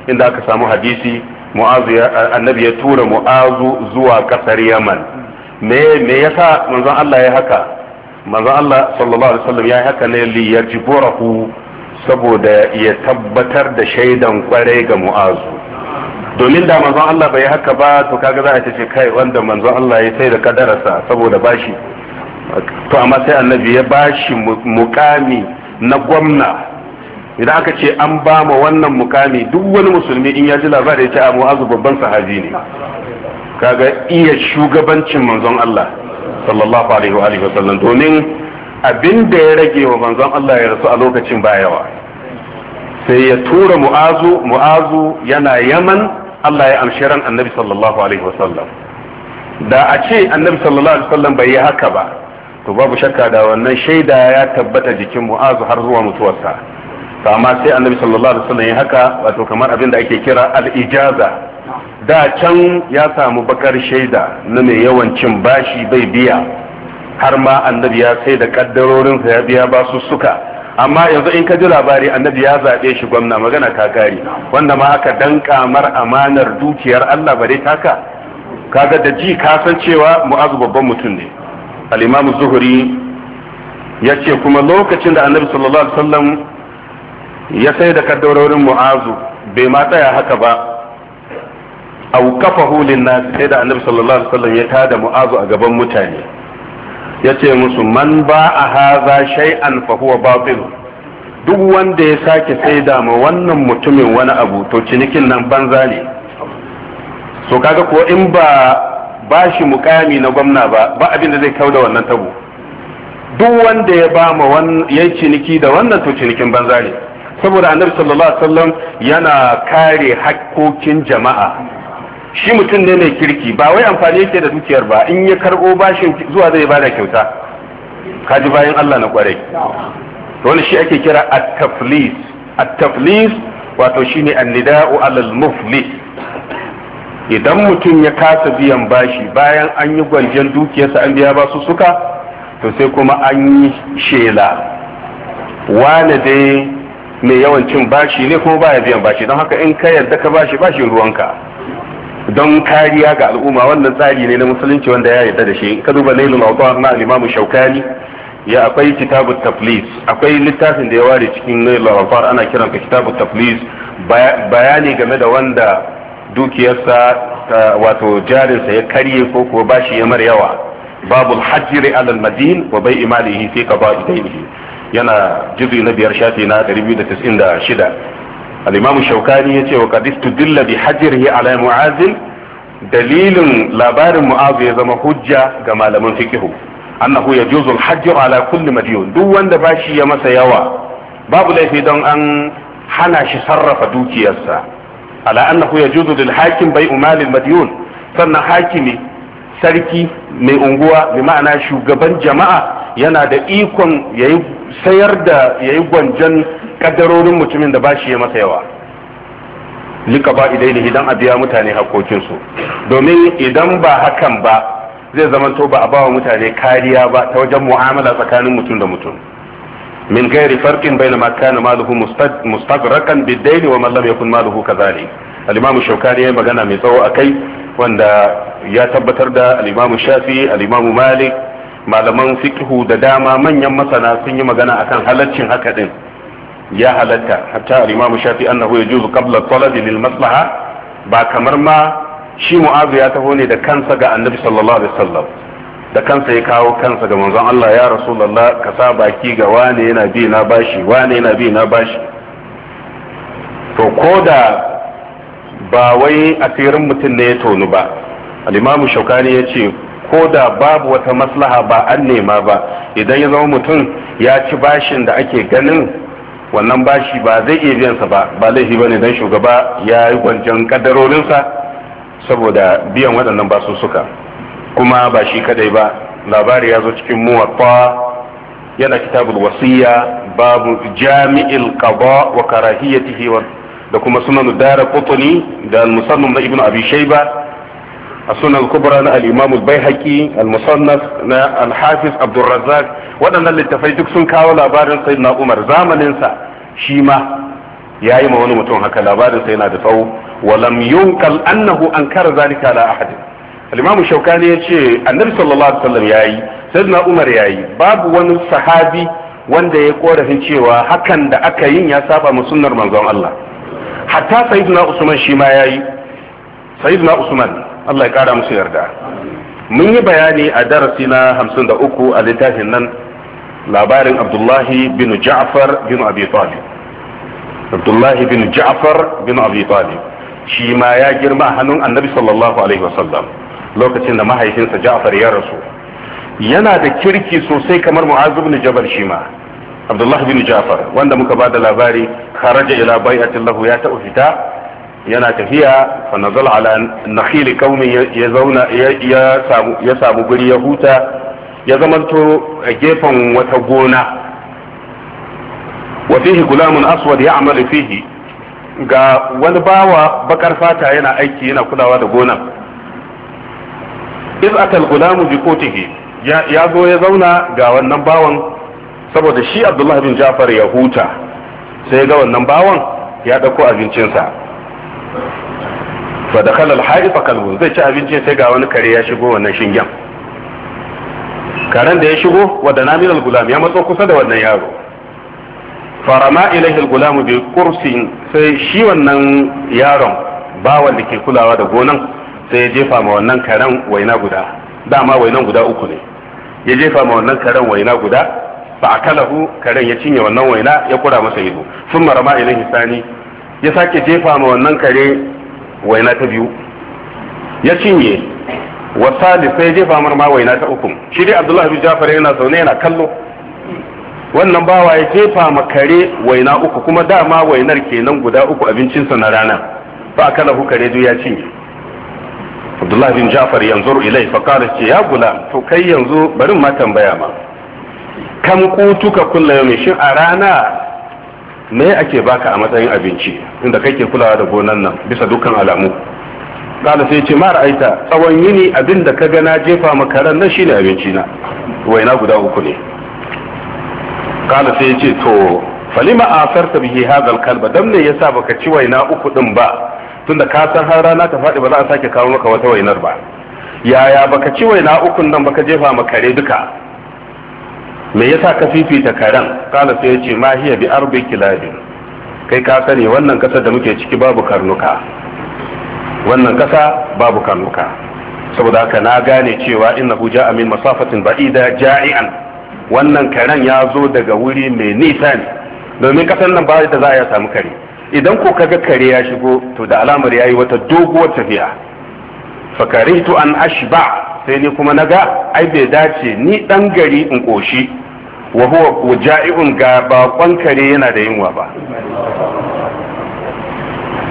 Speaker 1: inda aka samu hadisi mu'azu annabi ya tura mu'azu zuwa kasar yaman me me yasa manzon Allah ya haka manzon Allah sallallahu alaihi wasallam ya haka ne li yajburahu saboda ya tabbatar da shaidan kware ga mu'azu domin da manzon Allah bai haka ba to kaga za a ce kai wanda manzon Allah ya sai da kadararsa saboda bashi to amma sai annabi ya bashi mukami na gwamna idan aka ce an ba ma wannan mukami duk wani musulmi in ya ji labarin ce a mu'azu babban sahabi ne kaga iya shugabancin manzon Allah sallallahu alaihi wa alihi wasallam domin abin da ya rage wa manzon Allah ya rasu a lokacin bayawa sai ya tura mu'azu mu'azu yana yaman Allah ya amshi ran annabi sallallahu alaihi wasallam da a ce annabi sallallahu alaihi wasallam bai yi haka ba to babu shakka da wannan shaida ya tabbata jikin mu'azu har zuwa mutuwarsa to amma sai annabi sallallahu alaihi wasallam ya haka wato kamar abin da ake kira al-ijaza da can ya samu bakar shaida na mai yawan cin bashi bai biya har ma annabi ya sai da kaddarorinsa ya biya basussuka amma yanzu in ka ji labari annabi ya zaɓe shi gwamna magana ta kare wanda ma aka danka mar amanar dukiyar Allah bare taka kaga da ji ka san cewa mu'azu babban mutum ne al-imamu zuhri ya ce kuma lokacin da annabi sallallahu alaihi wasallam ya sai da kaddarorin mu'azu bai ma tsaya haka ba aukafahu linnas sai da annabi sallallahu alaihi wasallam ya tada mu'azu a gaban mutane ya ce musu man ba a haza shay'an fa huwa batil duk wanda ya sake saida ma wannan mutumin wani abu to cinikin nan banza ne so kaga ko in ba ba shi mukami na gwamna ba ba abin da zai kauda wannan tabo duk wanda ya ba ma yayi ciniki da wannan to cinikin banza ne saboda annabi sallallahu alaihi wasallam yana kare hakkokin jama'a shi mutum ne mai kirki ba wai amfani yake da dukiyar ba in ya karbo bashin zuwa zai bada kyauta kaji bayan Allah na kwarai wani shi ake kira at-taflis at-taflis wato shine an-nida'u alal muflis idan mutum ya kasa biyan bashi bayan an yi gwanjen dukiyarsa an biya ba su suka to sai kuma an yi shela wane dai mai yawan cin bashi ne kuma baya biyan bashi don haka in ka yarda ka bashi bashin ruwanka don kariya ga al'umma wannan tsari ne na musulunci wanda ya yarda da shi ka duba lailul awtar na al-imam shaukani ya akwai kitabut taflis akwai littafin da ya ware cikin lailul awtar ana kiran ka kitabut taflis bayani game da wanda dukiyarsa wato jarinsa ya karye ko kuwa bashi ya mar yawa babul hajjiri alal madin wa bai imalihi fi qada'i yana juzu na biyar shafi na 296 al-imamu shaukani ya ce wa qadistu dilla bi hajrihi ala mu'azil dalilin labarin mu'az ya zama hujja ga malaman fikihu annahu yajuzu al-hajru ala kulli duk wanda ba shi ya masa yawa babu laifi don an hana shi sarrafa dukiyarsa ala annahu yajuzu lil hakim bai'u malil madiyun sannan hakimi sarki mai unguwa bi ma'ana shugaban jama'a yana da ikon yayi sayar da yayi gwanjan kaddarorin mutumin da ba shi ya masa yawa lika ba idaini idan a biya mutane hakokinsu domin idan ba hakan ba zai zamanto ba a bawa mutane kariya ba ta wajen mu'amala tsakanin mutum da mutum min gairi farqin bayna na kana maluhu mustaghrakan bid-dayn wa mallam ya yakun maluhu kadhalik al-imam ya magana mai tsawo akai wanda ya tabbatar da al shafi al malik malaman fikihu da dama manyan masana sun yi magana akan halaccin haka din ya halatta hatta al-imamu shafi annahu yajuzu qabla talabi lil maslaha ba kamar ma shi mu'azu ya taho ne da kansa ga annabi sallallahu alaihi wasallam da kansa ya kawo kansa ga manzon Allah ya rasulullah ka sa baki ga wane yana bi na bashi wane yana bi na bashi to koda ba wai asirin mutum ne ya tonu ba al-imamu shaukani ya ce ko da babu wata maslaha ba an nema ba idan ya zama mutum ya ci bashin da ake ganin wannan bashi ba zai iya biyansa ba ba laifi ne dan shugaba ya yi kwancan kaddarorinsa saboda biyan waɗannan basussuka kuma ba shi kadai ba labari ya zo cikin muwatta yana kitabul wasiya babu jami'il qada wa karahiyatihi da kuma sunan dara qutni da al-musannam na ibnu abi shayba السنة الكبرى الإمام البيهقي المصنف الحافظ عبد الرزاق وأنا اللي تفيتك سن كاو لابارن سيدنا عمر زامن انسى شيما يا إما وني متون هكا لابارن سيدنا دفو ولم ينقل أنه أنكر ذلك على أحد الإمام الشوكاني يشي النبي صلى الله عليه وسلم ياي سيدنا عمر ياي باب وني صحابي wanda ya korafin cewa hakan da aka yin ya saba mu sunnar manzon Allah hatta sayyidina Usman shi ma yayi sayyidina Usman Allah ya kara musu yarda mun yi bayani a darasi na uku a littafin nan labarin Abdullahi bin Ja'far bin Abi Talib Abdullahi bin Ja'far bin Abi Talib shi ma ya girma hannun Annabi sallallahu alaihi wasallam lokacin da mahaifinsa Ja'far ya rasu yana da kirki sosai kamar Mu'adh bin Jabal shi ma Abdullahi bin Ja'far wanda muka ba da labari kharaja ila bai'atin lahu ya ta'u fita yana tafiya fa nazal ala nakhil kaumi ya zauna ya samu ya samu guri ya huta ya zamanto a gefen wata gona wa fihi gulamun aswad ya'mal fihi ga wani bawa bakar fata yana aiki yana kulawa da gonan iz aka gulamu bi kotihi ya zo ya zauna ga wannan bawan saboda shi abdullahi bin jafar ya huta sai ga wannan bawan ya dauko abincinsa fa da kalal haifa kalbu zai ci abinci sai ga wani kare ya shigo wannan shingen karen da ya shigo wadda naminal gulam ya matso kusa da wannan yaro farama ilaihi gulamu bi kursi sai shi wannan yaron bawan da ke kulawa da gonan sai ya jefa ma wannan karen waina guda dama wainan guda uku ne ya jefa ma wannan karen waina guda ba a kalahu karen ya cinye wannan waina ya kura masa ido sun marama ilaihi sani ya sake jefa ma wannan kare waina ta biyu ya cinye wa salif sai jefa mar ma waina ta uku shi dai abdullahi bin jafar yana zaune yana kallo wannan bawa ya jefa ma kare waina uku kuma dama wainar kenan guda uku abincinsa na rana fa kala hu kare ya cinye abdullahi bin jafar yanzu ilai fa qala ce ya gula to kai yanzu barin ma tambaya ma kam kutuka kullum shi a rana me ake baka a matsayin abinci inda kake kulawa da gonan nan bisa dukkan alamu kala sai ce mara aita tsawon yini abin da ka gana jefa makaran nan shine abinci na waina guda uku ne kala sai ce to falima asarta bihi hadal kalba dan ne yasa baka ci waina uku din ba tunda ka san har rana ta faɗi ba za a sake kawo maka wata wainar ba yaya baka ci waina ukun nan baka jefa kare duka me yasa ka fifita karen kala sai ya ce ma hiya bi arbi kilabi kai ka sani wannan kasa da muke ciki babu karnuka wannan kasa babu karnuka saboda haka na gane cewa innahu ja'a min masafatin ba'ida ja'ian wannan karen ya zo daga wuri mai nisa ne domin kasar nan ba da za a samu kare idan ko kaga kare ya shigo to da alamar yayi wata doguwar tafiya fakarihtu an ashba sai ni kuma naga ai bai dace ni dan gari in koshi wa huwa ja'i'un ga bakon kare yana da yunwa ba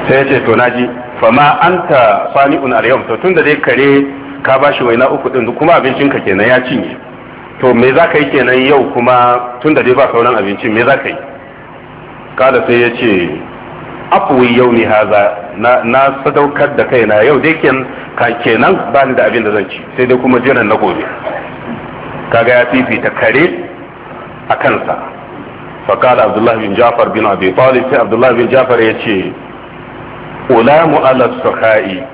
Speaker 1: sai ya ce to naji fama anta sani'un al-yawm to tunda dai kare ka bashi waina uku din kuma abincin ka kenan ya cinye to me za ka yi kenan yau kuma tunda dai ba sauran abincin me za ka yi kada sai ya ce afuwi yau ni haza na sadaukar da kaina yau dai kenan ba ni da abin da zan ci sai dai kuma jiran na gobe kaga ya fifita kare a kansa faƙala abdullahi bin jafar bin abi talib abdullahi bin jafar ya ce ulamu ala sukhai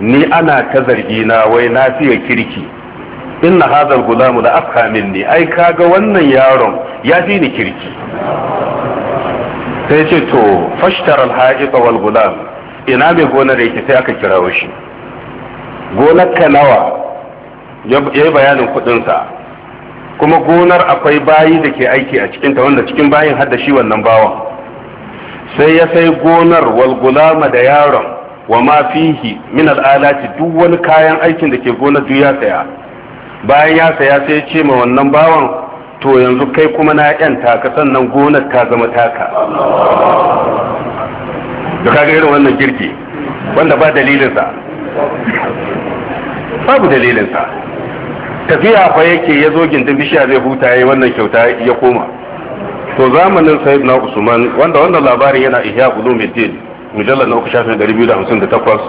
Speaker 1: ni ana ta zargi na wai na fiye kirki inna hadal gulamu da afka ne, ai kaga wannan yaron ya fi ni kirki sai ce to fashtar alha'iqa wal gulam ina mai gonar yaki, sai aka kirawo shi gonar ka nawa ya yi bayanin kuɗinsa. kuma gonar akwai bayi da ke aiki a cikinta wanda cikin bayin har da shi wannan bawan sai ya sai gonar wal gulama da yaron wa ma fihi min al'alati duk wani kayan aikin da ke gona duk ya saya bayan ya saya sai ya ce ma wannan bawan to yanzu kai kuma na yanta ka sannan gonar ta zama taka da kaga irin wannan girki wanda ba dalilinsa babu dalilinsa tafiya fa yake ya zo gindin bishiya zai huta ya yi wannan kyauta ya koma to zamanin na usman wanda wannan labarin yana ihya ulumuddin mujallar na uku shafin takwas.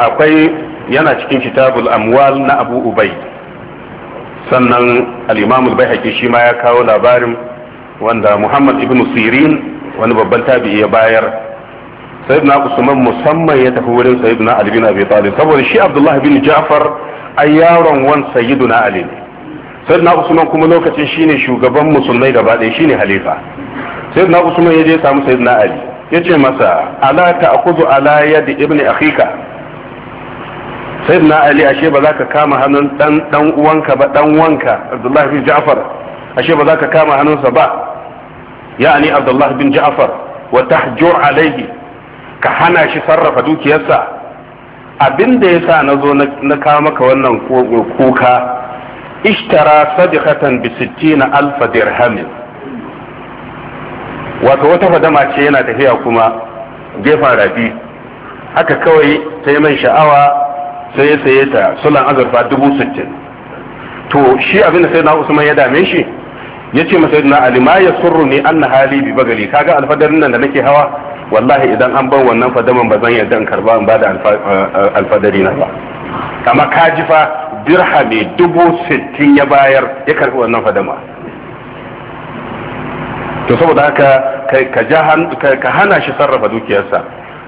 Speaker 1: akwai yana cikin kitabul amwal na abu ubay sannan Alimamul bai al-baihaqi shi ma ya kawo labarin wanda muhammad ibn sirin wani babban tabi'i ya bayar na usman musamman ya tafi wurin sayyidina na bin abi talib saboda shi abdullahi bin ja'far A yaron wan sayyiduna ali ne na usman kuma lokacin shine shugaban musulmai gaba ɗaya shine halifa na usman ya je samu sayyiduna ali ya ce masa ala ta'khudhu ala yad ibni akhika na ali ashe ba za ka kama hannun dan dan uwanka ba dan wanka abdullahi bin ja'far ashe ba za ka kama hannunsa ba ya'ani abdullahi bin ja'far wa tahjur alayhi ka hana shi sarrafa dukiyarsa abin da ya sa na zo na kawo maka wannan kuka ishtara sadikatan bi sittina alfa dirhamin wato wata fadama ce yana tafiya kuma gefen rafi haka kawai sai man sha'awa sai ya saye ta sulan azurfa dubu sittin to shi abin da sai na usman ya dame shi ya ce masa na ali ma ya surru ne an hali bi bagali kaga alfadarin nan da nake hawa wallahi idan an ban wannan fadaman ba zan yadda in karba in bada alfadari na ba amma kaji fa dirhami dubu sittin ya bayar ya karbi wannan fadama to saboda haka ka hana shi sarrafa dukiyarsa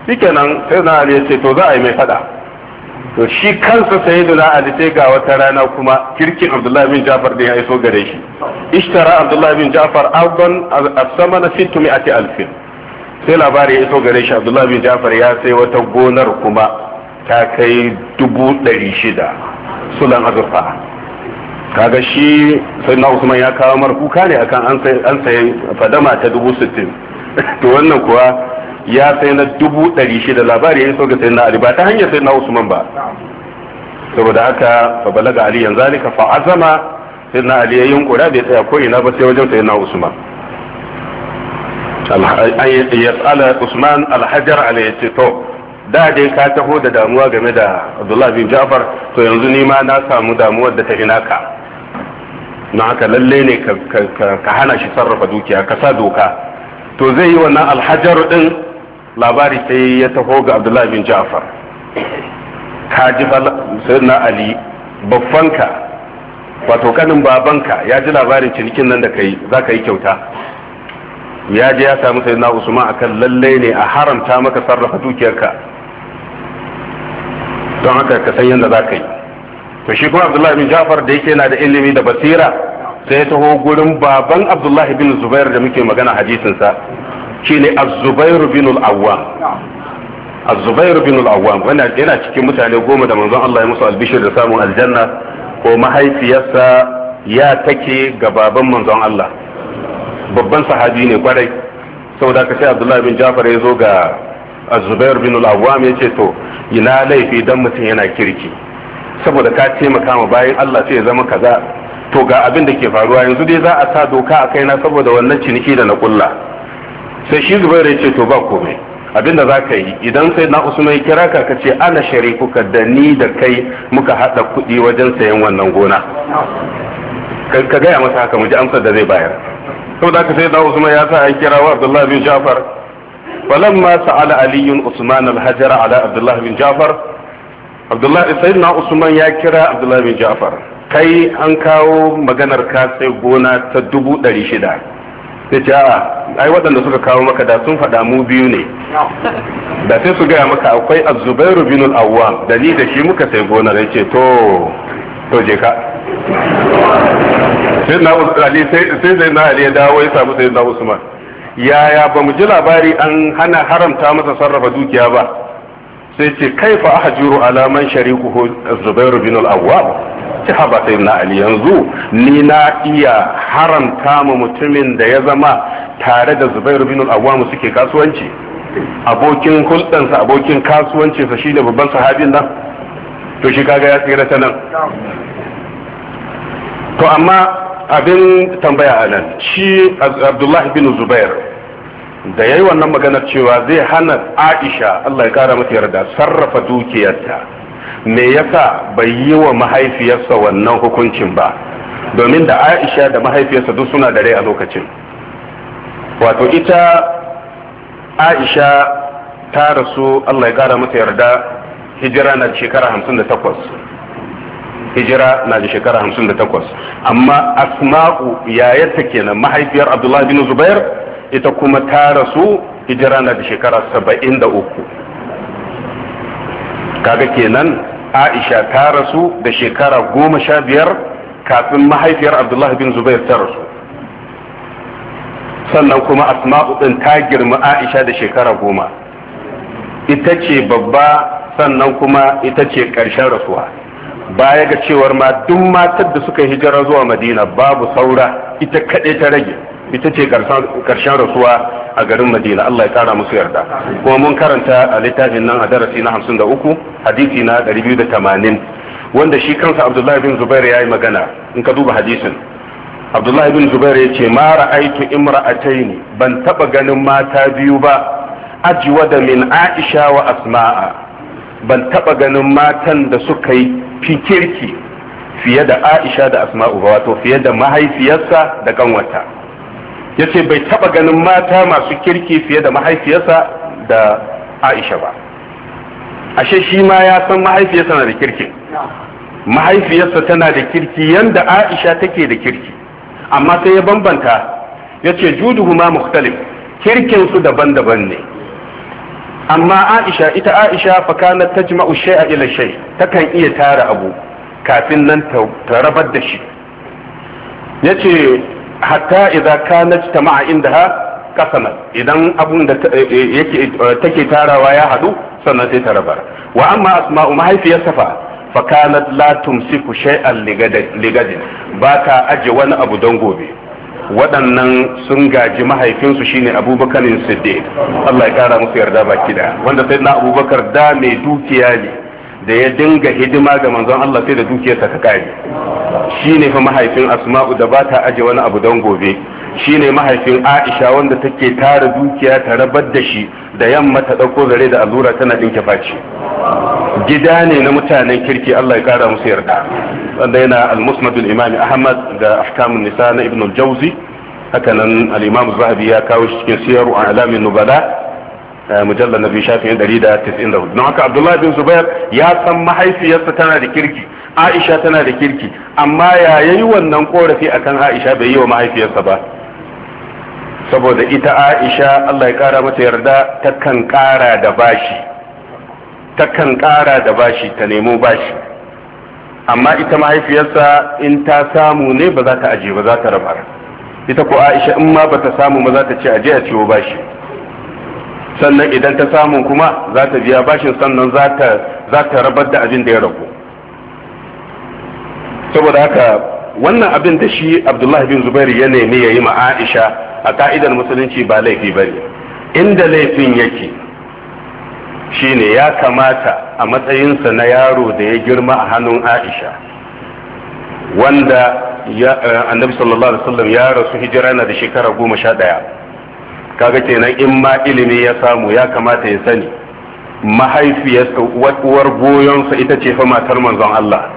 Speaker 1: shikenan sai na ya ce to za a yi mai fada to shi kansa na ali sai ga wata rana kuma kirkin abdullahi bin jafar da ya iso gare shi ishtara abdullahi bin jafar ardon as a ti alfin sai labari iso gare shi abdullahi bin jafar ya sai wata gonar kuma ta kai dubu ɗari shida sulan azurfa kaga shi sai na usman ya kawo markuka ne akan an sayi fadama ta dubu sittin to wannan kuwa ya sai na dubu ɗari shida labari ya iso ga sai na ali ba ta hanyar sai na usman ba saboda haka fa balaga ali yanzu zalika fa azama sai na ali ya yunkura bai tsaya ko ina ba sai wajen sai na usman tsala usman alhajar alayhi ce to da dai ka taho da damuwa game da abdullah bin ja'far to yanzu ni ma na samu damuwar da ta ina ka na haka lalle ne ka hana shi sarrafa dukiya ka sa doka to zai yi wannan alhajar din labari sai ya taho ga abdullah bin ja'far ka ji na ali babbanka wato kanin babanka ya ji labarin cinikin nan da kai za ka yi kyauta ya je ya samu na usman akan lalle ne a haramta maka sarrafa dukiyarka don haka ka san yadda za ka yi to shi kuma abdullahi bin jafar da yake yana da ilimi da basira sai ya taho gurin baban abdullahi bin zubair da muke magana hadisinsa ne az-zubair bin al-awwam az bin al wanda yana cikin mutane goma da manzon Allah ya musu albishir da samun aljanna ko mahaifiyarsa ya take ga baban manzon Allah babban sahabi ne kwarai saboda ka sai abdullahi bin jafar ya zo ga azubair bin al-awwam ya ce to ina laifi dan mutum yana kirki saboda ka taimaka ma bayan Allah sai ya zama kaza to ga abin da ke faruwa yanzu dai za a sa doka a kaina saboda wannan ciniki da na kulla sai shi zubair ya ce to ba komai abinda da za ka yi idan sai na usman ya kira ka ka ce ana sharikuka da ni da kai muka haɗa kuɗi wajen sayan wannan gona ka gaya masa haka mu ji amsar da zai bayar saboda haka sai da Usman ya sa an kira wa Abdullah bin Ja'far falamma sa'ala Ali Usman al-Hajar ala Abdullah bin Ja'far Abdullah sayyidina Usman ya kira Abdullah bin Ja'far kai an kawo maganar ka sai gona ta dubu ɗari shida ta ce ai waɗanda suka kawo maka da sun faɗa mu biyu ne da sai su gaya maka akwai azubairu bin al-awwam da ni da shi muka sai gona da ce to to je ka sai na sai sai na ali ya dawo ya samu sai na usman yaya ba mu ji labari an hana haramta masa sarrafa dukiya ba sai ce kaifa alaman ala man shariquhu zubairu bin al-awwab ci haba sai na ali yanzu ni na iya haramta ma mutumin da ya zama tare da zubairu bin al-awwab suke kasuwanci abokin hulɗansa abokin kasuwancinsa shi ne babban sahabin nan to shi kaga ya tsira ta nan to amma abin tambaya a nan shi abdullahi bin zubair da ya yi wannan maganar cewa zai hana aisha allah ya kara mata yarda sarrafa dukiyarta me yasa bai yi wa mahaifiyarsa wannan hukuncin ba domin da aisha da mahaifiyarsa duk suna da rai a lokacin wato ita aisha ta rasu allah ya kara mata yarda hijira na shekara 58 hijira na da shekara hamsin da takwas, amma asma'u yayarta kenan mahaifiyar abdullahi bin zubair ita kuma ta rasu hijira na da shekara saba'in da uku. kaga kenan aisha ta rasu da shekara goma sha biyar kafin mahaifiyar abdullahi bin zubair ta rasu sannan kuma asma'u din ta girma aisha da shekara goma ita ce babba sannan kuma ita ce ƙarshen rasuwa baya ga cewar ma duk matar da suka hijira zuwa madina babu saura ita kaɗai ta rage ita ce karshen rasuwa a garin madina allah ya kara musu yarda kuma mun karanta a littafin nan a darasi na 53 hadisi na 280 wanda shi kansa abdullahi bin zubair ya yi magana in ka duba hadisin abdullahi bin zubair ya ce ma aitu imra'ataini ban taba ganin mata biyu ba ajwada min aisha wa asma'a ban taɓa ganin matan da suka yi fi kirki fiye da Aisha da Asma'u ba wato fiye da mahaifiyarsa da kanwata yace bai taba ganin mata masu kirki fiye da mahaifiyarsa da Aisha ba ashe shi ma ya san mahaifiyarsa na da kirki mahaifiyarsa tana da kirki yanda Aisha take da kirki amma sai ya bambanta yace juduhuma mukhtalif kirkin su daban-daban ne amma aisha ita aisha fakanat tajma'u shay'a ila shay kan iya tara abu kafin nan ta rabar da shi yace hatta idza kanat tama'a indaha kasama idan abun da eh, eh, yake eh, take tarawa ya hadu sannan sai ta rabar wa amma asma'u mahaifiyar safa fakanat la tumsiku shay'an ligadin ba ta aje wani abu don gobe waɗannan sun gaji mahaifinsu shine abubakar siddiq Allah ya ƙara musu yarda baki da wanda sai na abubakar da mai dukiya ne da ya dinga hidima ga manzon Allah sai da dukiyarsa ta kare shine fa mahaifin asma'u da ba ta aje wani abu don gobe shine mahaifin aisha wanda take tara dukiya ta rabar da shi da yamma ta ɗauko zare da allura tana ɗinke faci gida ne na mutanen kirki Allah ya kara musu yarda wanda yana al-musnad al-imam Ahmad da ahkamun nisa na Ibn al-Jawzi haka nan al-imam Zahabi ya kawo shi cikin siyaru alamin nubala eh, mujallal nabi shafin 194 don haka Abdullah bin Zubair ya san mahaifiyarsa tana da kirki Aisha tana da kirki amma ya yayi wannan korafi akan Aisha bai yi wa mahaifiyarsa ba saboda ita aisha Allah ya kara mata yarda ta kan kara da bashi ta kan kara da bashi ta nemo bashi amma ita mahaifiyarsa in ta samu ne ba za ta aje ba za ta rabar ita ko aisha in ma ba ta samu ba za ta ce aje a ciwo bashi sannan idan ta samu kuma za ta biya bashin sannan za ta rabar da abin da ya rabu saboda haka wannan abin da shi abdullahi bin zubairu ya nemi ya yi ma aisha a ka'idar musulunci ba laifi ba ne inda laifin yake shine ya kamata a matsayinsa na yaro da ya girma a hannun aisha wanda eh, annabi sallallahu alaihi wasallam ya rasu hijira na da shekara goma sha ɗaya kaga kenan in ma ilimi ya samu ya kamata ya sani mahaifiyarsa uwar goyonsa ita ce fa matar manzon Allah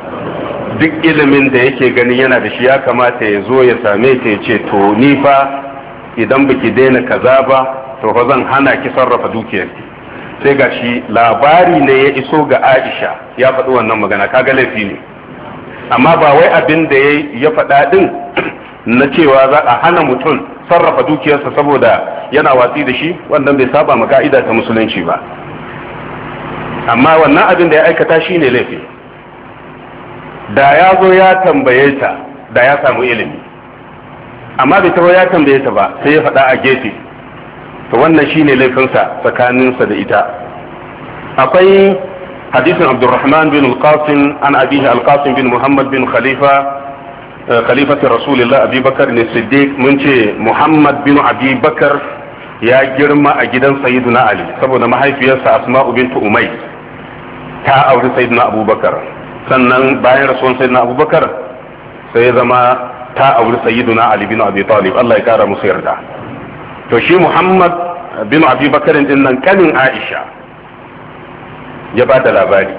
Speaker 1: duk ilimin da yake gani yana da shi ya kamata ya zo ya same ta ya ce to ni fa idan baki daina kaza ba to fa zan hana ki sarrafa dukiyarki sai gashi labari ne ya iso ga Aisha ya faɗi wannan magana kaga laifi ne amma ba wai abin da ya faɗa din na cewa za a hana mutum sarrafa dukiyarsa saboda yana watsi da shi wannan bai saba ma ka'ida ta musulunci ba amma wannan abin da ya aikata shi ne laifi da ya zo ya tambaye ta da ya samu ilimi amma bai taba ya tambaye ta ba sai ya faɗa a gefe to wannan shine laifinsa tsakaninsa da ita akwai hadisin abdurrahman bin al-qasim an abihi al bin muhammad bin khalifa خليفة رسول الله أبي بكر الصديق من محمد بن أبي بكر يا جرم أجدا سيدنا علي سبونا ما هي فيها أسماء بنت أمي تا أور سيدنا أبو بكر sannan bayan rasuwan sayyidina abubakar sai zama ta a auri sayyiduna ali bin abi talib Allah ya kara musu yarda to shi muhammad bin abi bakarin din nan kanin aisha ya ba da labari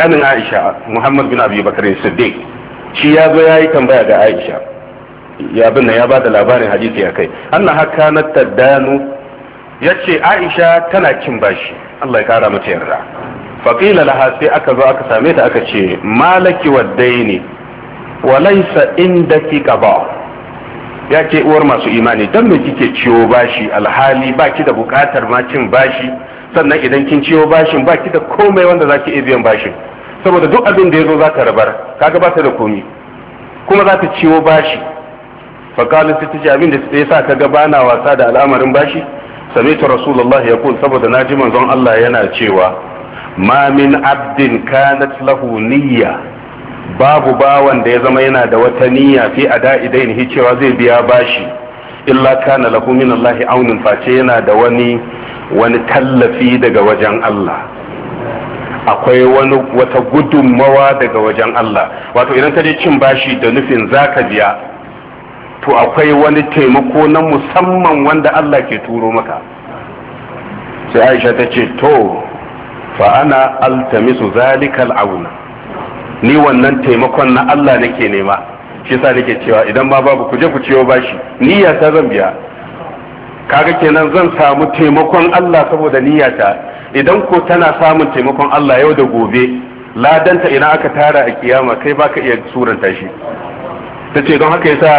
Speaker 1: kanin aisha muhammad bin abi bakarin siddiq shi ya zo ya yi tambaya ga aisha ya bin ya ba da labarin hadisi a kai anna haka na taddanu ya ce aisha tana kin bashi allah ya kara mata yarda faƙila laha sai aka zo aka same ta aka ce malaki waddaini wa laysa indaki qada ya ke uwar masu imani dan me kike ciwo bashi alhali baki da bukatar ma cin bashi sannan idan kin ciwo bashin baki da komai wanda zaki iya biyan bashin saboda duk abin da yazo zaka rabar kaga ba ta da komai kuma za ta ciwo bashi fakalin ta tace abin da ya sa ka ga bana wasa da al'amarin bashi sami'tu rasulullahi yaqul saboda na ji manzon Allah yana cewa ma min abdin kanat lahu niyya babu bawan da ya zama yana da wata niyya fi ada idainihi cewa zai biya bashi illa kana lahu min Allahi aunin face yana da wani wani tallafi daga wajen Allah akwai wani wata gudunmawa daga wajen Allah wato idan ka je cin bashi da nufin zaka biya to akwai wani taimako na musamman wanda Allah ke turo maka sai Aisha ta ce to fa ana altamisu zalikal auna ni wannan taimakon na Allah nake nema shi yasa nake cewa idan ma babu ku ku ciyo bashi niyya ta zan biya kaga kenan zan samu taimakon Allah saboda niyyata idan ko tana samun taimakon Allah yau da gobe ladanta ina aka tara a kiyama kai baka iya suranta shi tace don haka yasa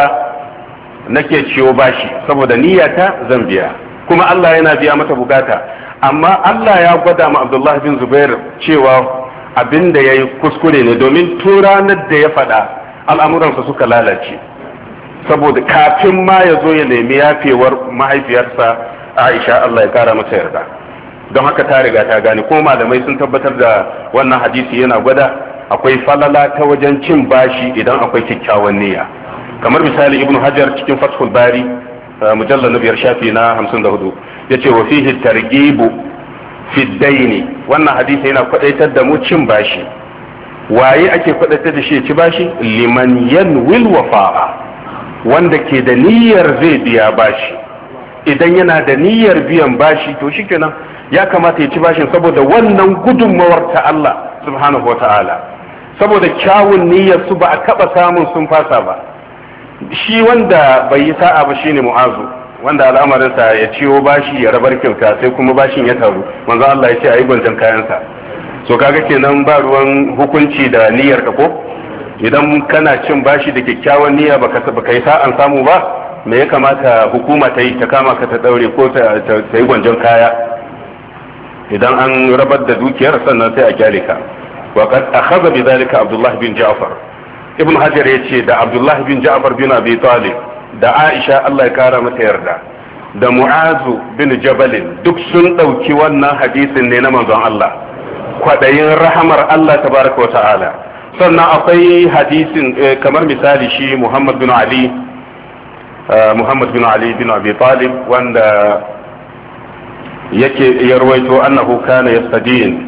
Speaker 1: nake ciyo bashi saboda niyyata zan biya kuma Allah yana biya mata bukata amma Allah ya gwada ma Abdullah bin Zubair cewa abin da ya yi kuskure ne domin tun da ya faɗa al'amuransa suka lalace saboda kafin ma ya zo ya nemi yafewar mahaifiyarsa aisha allah ya kara masa yarda don haka ta riga ta gane ko malamai sun tabbatar da wannan hadisi yana gwada akwai falala ta wajen cin bashi idan akwai kyakkyawan niyya kamar misali ibnu hajar cikin fathul bari mujallal na biyar shafi na hamsin da hudu ya ce wa fihi targibu fiddaini wannan hadisi yana kwadaitar da mu cin bashi waye ake kwadaitar da shi ci bashi liman yanwil wafa'a wanda ke da niyyar zai biya bashi idan yana da niyyar biyan bashi to shikenan ya kamata ya ci bashin saboda wannan gudunmawar ta Allah subhanahu wata'ala saboda kyawun niyyar su ba a kaba samun sun fasa ba shi wanda bai yi sa'a ba shine mu'azu wanda al'amarinsa ya ciwo bashi ya rabar kyauta sai kuma bashin ya taru manzo Allah ya ce ayi gwanjan kayansa so kaga kenan ba ruwan hukunci da niyyar ka ko idan kana cin bashi da kyakkyawan niyya baka baka yi sa'an samu ba me ya kamata hukuma ta yi ta kama ka ta daure ko ta yi gwanjan kaya idan an rabar da dukiyar sannan sai a kyale ka wa qad akhadha bi dhalika Abdullah bin Ja'far ibn Hajar yace da Abdullah bin Ja'far bin Abi Talib da aisha Allah ya kara mata yarda da mu'azu bin jabalin duk sun ɗauki wannan hadisin ne na manzon Allah kwaɗayin rahamar Allah ta wa ta'ala sannan akwai hadisin eh, kamar misali shi Muhammad bin Ali eh, Muhammad bin Ali bin Abi Talib wanda yake ya annahu kana yastadin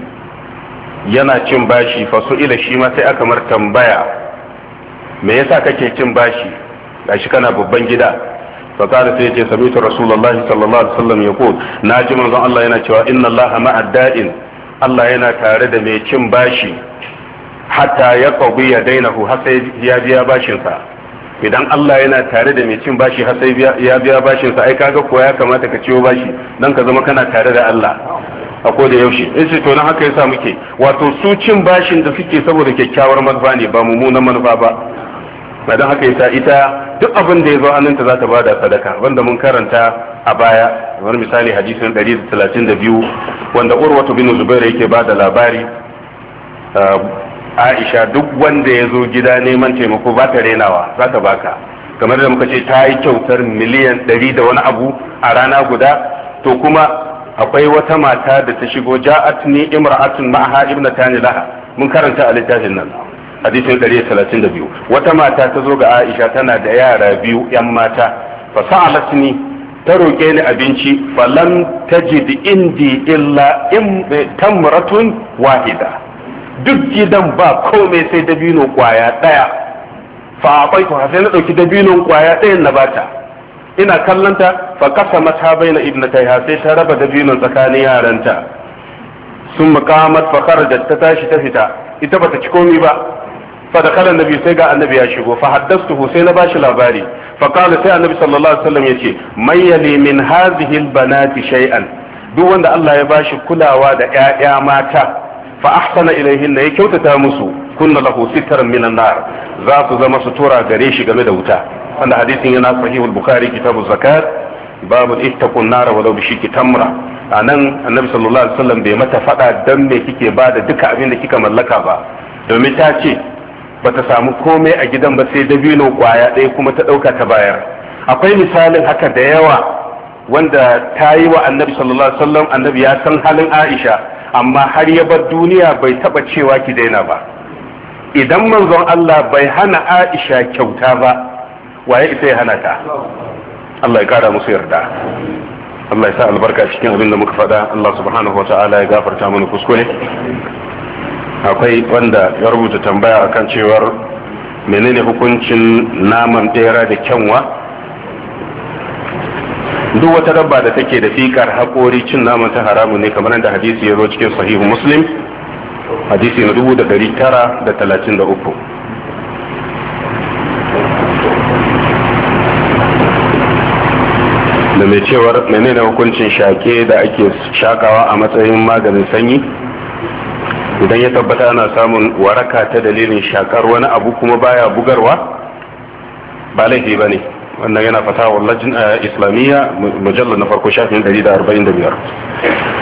Speaker 1: yana cin bashi fa ila shi ma sai aka mar tambaya me yasa kake cin bashi gashi kana babban gida fa qala sai ce sami'tu rasulullahi sallallahu alaihi wasallam yaqul ji manzon Allah yana cewa inna Allah ma'a da'in Allah yana tare da mai cin bashi hatta ya qawbi ya dainahu har sai ya biya bashin sa idan Allah yana tare da mai cin bashi har ya biya bashin sa ai kaga kuwa ya kamata ka ciwo bashi dan ka zama kana tare da Allah a ko da yaushe in ce to nan haka yasa muke wato su cin bashin da suke saboda kyakkyawar manufa ne ba mummunan manufa ba ba don haka yasa ita duk abin da ya zo hannunta za ta ba da sadaka wanda mun karanta a baya kamar misali hadisin 132 wanda urwatu bin zubair yake ba da labari ah, aisha duk wanda ya zo gida neman taimako ba ta renawa za ta baka kamar da muka ce ta yi kyautar miliyan 100 da wani abu a rana guda to kuma akwai wata mata da ta shigo ja'atni imra'atun ma'aha ibnatani laha mun karanta a littafin nan hadisin 132 wata mata ta zo ga Aisha tana da yara biyu yan mata fa sa'alatni ta roke ni abinci lam tajid indi illa in eh, tamratun wahida duk gidan ba komai sai dabino kwaya daya fa akwai to sai na dauki dabinon kwaya dayan na bata ina kallanta fa kasama ta baina ibnataiha sai ta raba dabinon tsakanin yaranta sun muqamat fa da ta tashi ta fita ita bata ci komai ba fa da kalan nabi sai ga annabi ya shigo fa haddastu sai ba shi labari fa qala sai annabi sallallahu alaihi wasallam yace man yali min hadhihi albanati shay'an duk wanda Allah ya bashi kulawa da 'ya'ya mata fa ahsana ilaihinna ya kyautata musu kunna lahu sitran minan nar za su zama sutura gare shi game da wuta wanda hadisin yana sahihul bukhari kitabu zakat babu ittaqun nar walau bishiki tamra anan annabi sallallahu alaihi wasallam bai mata fada dan me kike ba da duka abin da kika mallaka ba domin ta ce bata samu komai a gidan ba sai dabino kwaya ɗaya kuma ta ɗauka ta bayar akwai misalin haka da yawa wanda ta yi wa annabi sallallahu alaihi wasallam annabi ya san halin aisha amma har ya bar duniya bai taba cewa ki daina ba idan manzon Allah bai hana aisha kyauta ba waye isa ya hana ta Allah ya kara musu yarda Allah ya sa albarka cikin abin da muka faɗa Allah subhanahu wa ta'ala ya gafarta mana kuskure akwai wanda ya rubuta tambaya a kan cewar menene hukuncin naman bera da kyanwa duk wata dabba da take da fikar haƙori cin naman ta haramu ne kamar da hadisi ya zo cikin sahihu muslim hadisi na dubu da dari tara da talatin da uku da mai cewar menene hukuncin shake da ake shakawa a matsayin maganin sanyi idan ya tabbata ana samun waraka ta dalilin shakar wani abu kuma baya bugarwa ba laifi ba ne wannan yana fata wa lajin eh, islamiyya mujallar na farko shafin 145